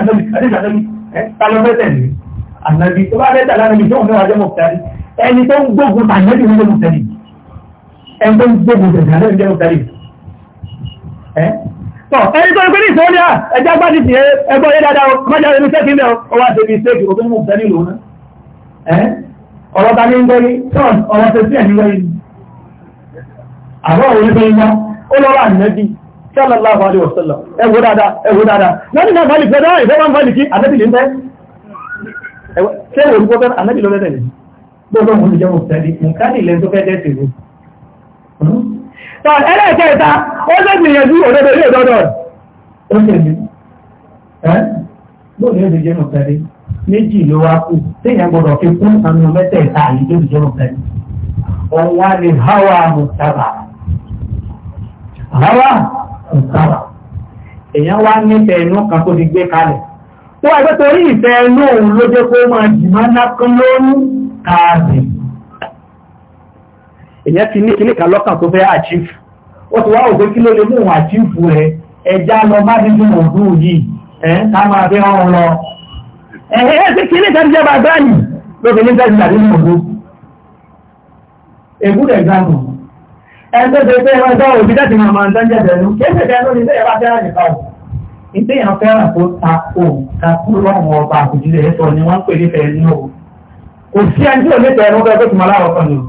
àdéhùn mi kádùn àdéhùn mi kádùn ẹ́ ànábì tó bá fẹ́ tà lánàbì tó ń fẹ́ wájọ́ mọ̀tàrí ẹni tó ń gbógun ànábì ló jẹ́ mọ̀tàrí ẹni tó ń gbógun tẹ̀sán ló jẹ́ mọ̀tàrí. tọ ẹni tó ń pè ní ìsọ́ọ́lì à ẹja gbá títì ẹgbọ́ yé dáadáa o má jáde ní sẹ́kì lẹ́ o wá ṣe bí sẹ́kì o tó ń mọ̀tàrí lò ná. ọ̀rọ̀ ta ni ń gbọ́ yìí tọ́ọ̀n ọ̀rọ̀ tẹ sí ẹ̀mí wáyé àbọ̀ òun ló ń wá ó lọ́wọ́ dáadáa ẹ dáadáa lọ́nà náà fálìkì ẹ ìfẹ́ wọn fálìkì àtẹ́tì lè ṣé ìwé olùkọ́ fẹ́ràn ànábì lọ́fẹ́ tẹ̀lé gbọ́dọ̀ mo ti jẹ́ òun tẹ̀lé nǹkan ní ilẹ̀ tó fẹ́ jẹ́ tèmi. tọ́ ẹlẹ́ẹ̀kẹta ó ṣe gbìyànjú òdodo ilé ìdọ́dọ̀ ó ṣe mi lónìí èdè jẹ́ òun méjì ló wá kú téèyàn gbọ́dọ̀ fi kún àmì mẹ́tẹ̀ẹ̀ta yìí lóbi jẹ́ òun tẹ̀lé òun wá ní hawa mùtàbà hawa mùtàbà èèyàn wá ní tẹ̀ẹ̀nù kan tó ti gbé kalẹ̀ tó wà pé torí ìfẹ́ lóòun ló jẹ́ kó máa jìmọ́ nákan lóòrùn káàdì èyàn ti ní kíníkà lọ́kàn tó fẹ́ àchífù ó ti wá òfin kí ló lè mú òun àchífù rẹ ẹja lọ má dídùn òdú yìí ẹ ká máa fi hàn lọ ẹ ẹ ti kíníkà ti jẹ́ bàbá yìí ló fi ní sẹ́yìn tàbí òdú ègúdẹ̀ gánà ẹgbẹ́ tó fẹ́ ẹgbẹ́ òbí láti máa máa ń tán bẹ̀rù kí ìgbé yàn fẹ́ràn kó ta kó ta kúrò lọ́wọ́ ọba àpèjúlé ẹ̀sọ́ ni wọ́n ń pè nífẹ̀ẹ́ ẹni o kò sí ẹni tí ò nífẹ̀ẹ́ ẹni wọ́n fẹ́ tó máa ọkàn ni o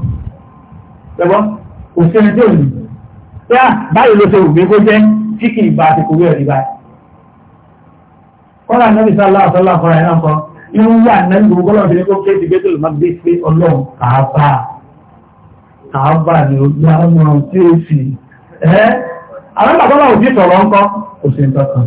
ṣẹgbọ́n kò sí ẹni tí ò ní pé à báyìí ló ṣe wù mí kó jẹ́ tí kì í ba àti kò rí ẹ̀rí báyìí. kọ́lá nàbì sálá àtọ́lá àfọ́ra ẹ̀ náà kan irú wà nàbì gbogbo ọlọ́run ti ní kó kéde gbé tòlù máa gbé pé ọlọ́run kàábà kàábà ni ó gbá ọmọ tí ó sì ẹ́ àwọn bàbá náà ò sí kò sí nǹkan kan.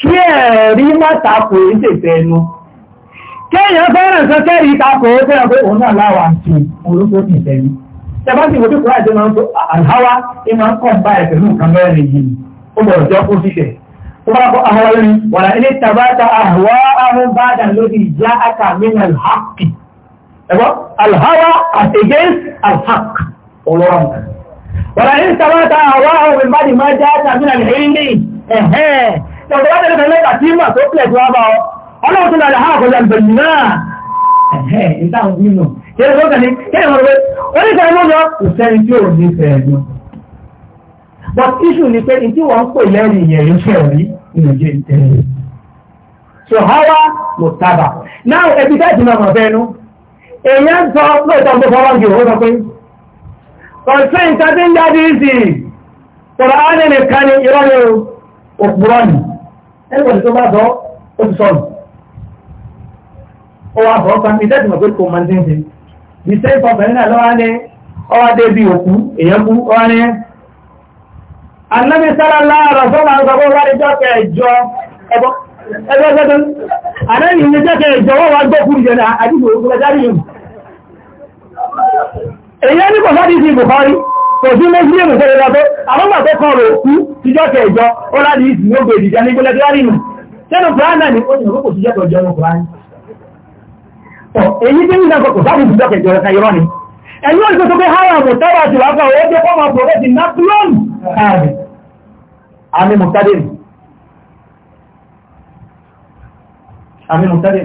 kí ẹ̀rí mọ́tàkù ìtẹ̀tẹ̀ ẹnu kéèyàn fẹ́ràn sọ kẹ́rì ìtakò ó fẹ́ràn pé òun náà láwà àti orúkọ ìtẹ̀tẹ̀ ẹnu tẹ́bá sì wọ́n tó kúrò máa ń tó àháwá ní máa ń kọ́ bá ẹ̀fẹ̀ mú nǹkan mẹ́rin yìí ó bọ̀rọ̀ jọ ó bá kọ́ ahọ́wá lórí wàrà ilé tabata ahọ́wá ahọ́n bá dà lórí ìyá aka min tọ̀tọ̀ bá tẹ̀lé mẹ́ta tí mà tó pẹ̀ tó wá bá ọ ọlọ́run tó lálẹ́ àwọn àkọjá ìbẹ̀lì náà ẹ̀hẹ́ ìtàwọn nínú kí ẹ̀rọ kan ní kí ẹ̀rọ rẹ oníṣẹ́ ẹ̀mọ́ lọ kò sẹ́ni tí ò ní fẹ́ but issue ni pé ní tí wọ́n ń pè lẹ́rìí ìyẹn ló fẹ́ rí ìrìnàjò ẹgbẹ̀rún tó bá bọ́ ó ti sọnù ó wá bọ́ pa mí dẹ́tì mọ̀ pé kò máa ń dín dín ní sẹ́yìn fọbẹ̀rin náà lọ́wọ́ ní ọwọ́ dé bí òkú èèyàn kú ọwọ́ ní anábìsára láàrọ̀ tó máa ń sọ pé wọ́n jọ́ kẹjọ ẹgbọ́ ẹgbẹ́gbẹ́gbẹ́ àdẹ́yìn ní jọ́ kẹjọ wọ́n wá gbọ́ kúrú jẹ́ àdúgbò òkú lẹ́járí yìí èèyàn ní kò sọ́dí sí Bukhari kò sí muslim tó lè lọ́tọ́ àmọ́gbà tó kọ́ rò kú tíjọ́ kẹjọ ó láti ìsìn ó gbèrè ìjà ní gbẹ́lẹ́ tó lárí nù sẹ́nu kùránà ni ó ní òkú tíjọ́ kẹjọ ní kùránà èyí tí ń dàgbà kò sábà tíjọ́ kẹjọ ẹ̀ka irọ́ ni ẹni ó ìgbésókè haram tọ́wà ti wá fún ọwọ́ tó fọ́mà pọ̀lẹ́tì napoleon káàdì àmì mùtádìrì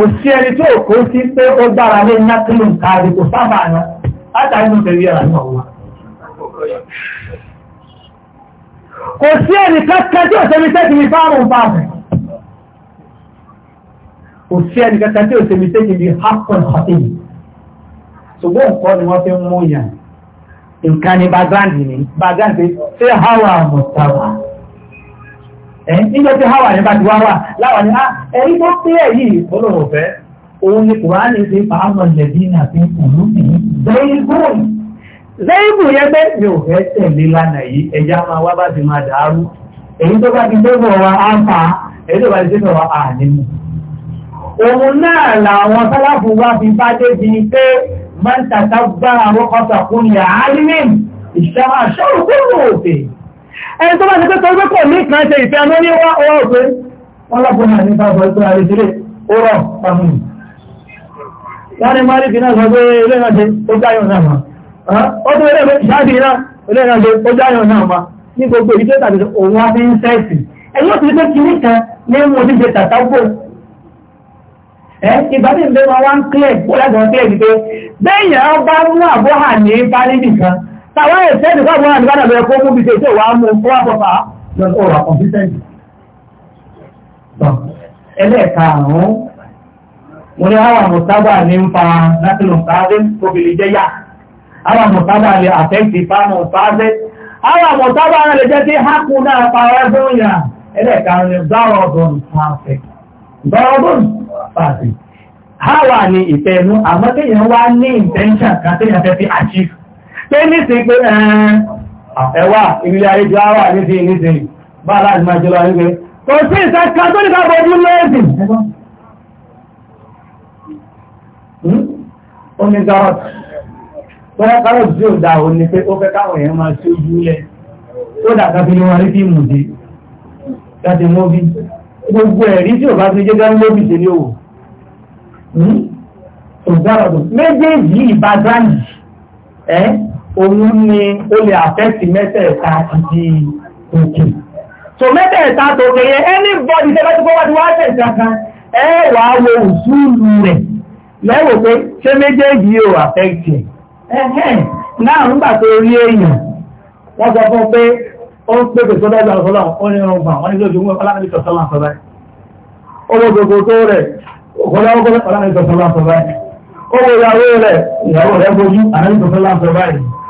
kò sí ẹni tó kó sí pé ó gbára lé nákìlù káàdì kò sábà náà látàrí mo tẹ̀lé ẹ̀rọ náà wà. kò sí ẹni kankan tí òsèmi tẹ́tì mi fáwọn fáwọn kò sí ẹni kankan tí òsèmi tẹ́tì mi hapun hotin ṣùgbọ́n nǹkan ni wọ́n fi ń mú yàn nǹkan ni background ni background ṣé how am I nígbà tí hawa yẹn bá ti wá wà láwa ni ah, ẹni tó pé ẹ yìí olóhùn fẹ́ òun ni kùránì ti fa àwọn ẹ̀lẹ́bí náà fi kùlù ní zẹ́ìbùn zẹ́ìbùn yẹn pé mi ò fẹ́ tẹ̀lé lánàá yìí ẹja máa wá bá ti máa dàrú èyí tó bá ti débọ̀ wa á ń fa èyí tó bá ti débọ̀ wa á nínú. òun náà làwọn sáláfù wa fi bá débi pé máa ń tàkà gbára àwọn ọkọ̀ sàkúnyà á ní ìṣàmà ẹni tó bá ti pé tó gbé pọ̀ ní ìkan ìfẹ́ anú ní wá ọwọ́ òpin wọn lọ́pọ̀ náà ní bàbá ìpín àrẹ ó rọ̀ pàmù wọ́n ní náà sọ pé ilé náà ṣe ó jáyọ̀ náà mà ó tún ilé náà ilé náà ṣe ó jáyọ̀ náà mà ní gbogbo tàbí òun wá ti pé Tàwa ẹ̀ sẹ́ẹ̀dì fún àwọn àdìbádà lọ ẹ̀kọ́ mú bí ṣe ìṣèwà mú kó wá bọ̀ fà lọ sí ọ̀rọ̀ àkọ̀m̀pútẹ́ǹtì. Ẹlẹ́ẹ̀karùn-ún, mo ní àwọn àmọ̀tábà ní ń fa láti lọ sáré tóbi lè jẹ́ yá. Àwọn àmọ̀tábà lè àfẹ́ǹtì fáàmù sáré. Àwọn àmọ̀tábà lè jẹ́ kí hákù náà pa ọ̀rẹ́ fún yà. Ẹlẹ́ẹ̀karùn-ún ni gbárọ̀dùn pàṣẹ. Gbárọ̀dùn pé nísìnyí pé ẹ̀wà ìrìnlẹ̀ ayé ju ara nísìnyí nísìnyí bá aláàdì máa jẹ́ lọ ayé pé kò sí ìsẹ́ka tó nípa bọ̀dú lẹ́ẹ̀dì ó ní gárọ̀tì tọ́lá gárọ̀tì tí ó dá òun ni pé ó fẹ́ káwọn èèyàn máa ṣe ojú lẹ̀ tó dàgbà fi ní wọn rí fíìmù dé láti mú bí gbogbo ẹ̀rí tí ò bá ti jẹ́ gán lóbi òun ni ó lè àfẹ́sì mẹ́tẹ̀ẹ̀ta ìdí òkè. so mẹ́tẹ̀ẹ̀ta tó kéré ẹni bọ́dí tẹ́lá tí wọ́n wá tẹ̀ kankan ẹ wà á wo òṣùlù rẹ̀ lẹ́wọ̀ pé ṣé méjèèjì ò àfẹ́sì ẹ̀ náà ń gbà tó rí èèyàn wọ́n sọ fún pé ó ń pèsè sọ́dọ̀ ìgbà sọ́dọ̀ ó ní irun gbà wọ́n ní lójú mú ọlá nílùú sọ́dọ̀ àfẹ́fẹ́ owó gbogbo tó rẹ̀ ọ̀pọ̀lọpọ̀ ọlá nílùú sọ́dọ̀ àfẹ́fẹ́ owó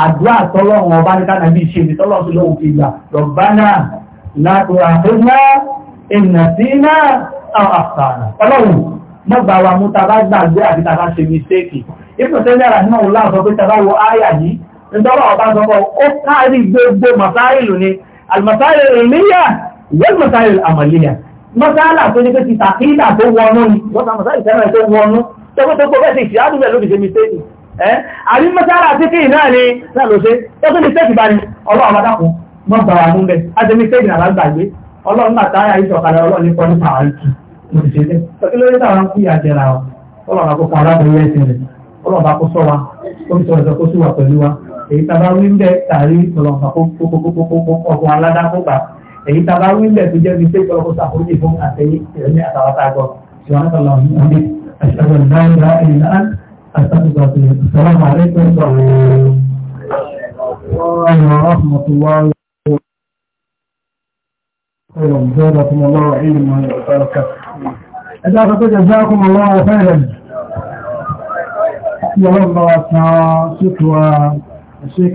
àdúrà tọ́lọ́run ọba ní kánàbí ṣe ní tọ́lọ́run tó lóhun ìgbà rọ̀bánà látọ̀rọ̀ àfẹ́gbá ìnàsínà àfààrà ọlọ́run mọ́gbà wa mú tàbá gbàgbé àti tàbá ṣe mistéèkì ìpòtẹ́lẹ́ra náà láàfọ́ pé tàbá wọ áyà yìí nítorọ̀ ọba sọ́kọ́ ó ni almasáìlù ìlíyà wọ́n masáìlù àmàlíyà masáìlù tó ní pé ti tàkílà tó wọnú ni wọ́n ta masáìlù tẹ́lẹ̀ tó àrí mọ́sára àti kí ìnáà ni náà ló ṣe tó tó mistake bá ní ọlọ́run adákun mọ́ gbà wà fún bẹ́ẹ̀ á ṣe mistake náà lágbàgbé ọlọ́run náà táyà ìṣọ̀kalẹ̀ ọlọ́run nípa nípa àwọn ìkì mo ti ṣe bẹ́ẹ̀ kí ló dé táwọn kú ìyá jẹra wa ọlọ́run àkókò arábìnrin yẹn ti rẹ̀ ọlọ́run bá kó sọ wa ó ń sọ ìṣọ́ kó sì wà pẹ̀lú wa èyí tá a bá wí ń bẹ́ tàrí ọlọ́run bá kó aládá kó gbà èyí tá a bá wí ń bẹ́ tó jẹ́ mistake ọlọ́run sàkójì fún àtẹ̀yìn ìrẹ́lẹ̀ àtàwọn tá a gbọ́ ṣùgbọ́n ọlọ́run ní ọdún àṣàgbọ̀n náà ń ra ẹ̀yìn náà السلام عليكم ورحمة الله خيرا جزاكم الله علما وبركاته إذا فقد جزاكم الله خيرا يا الله شكوى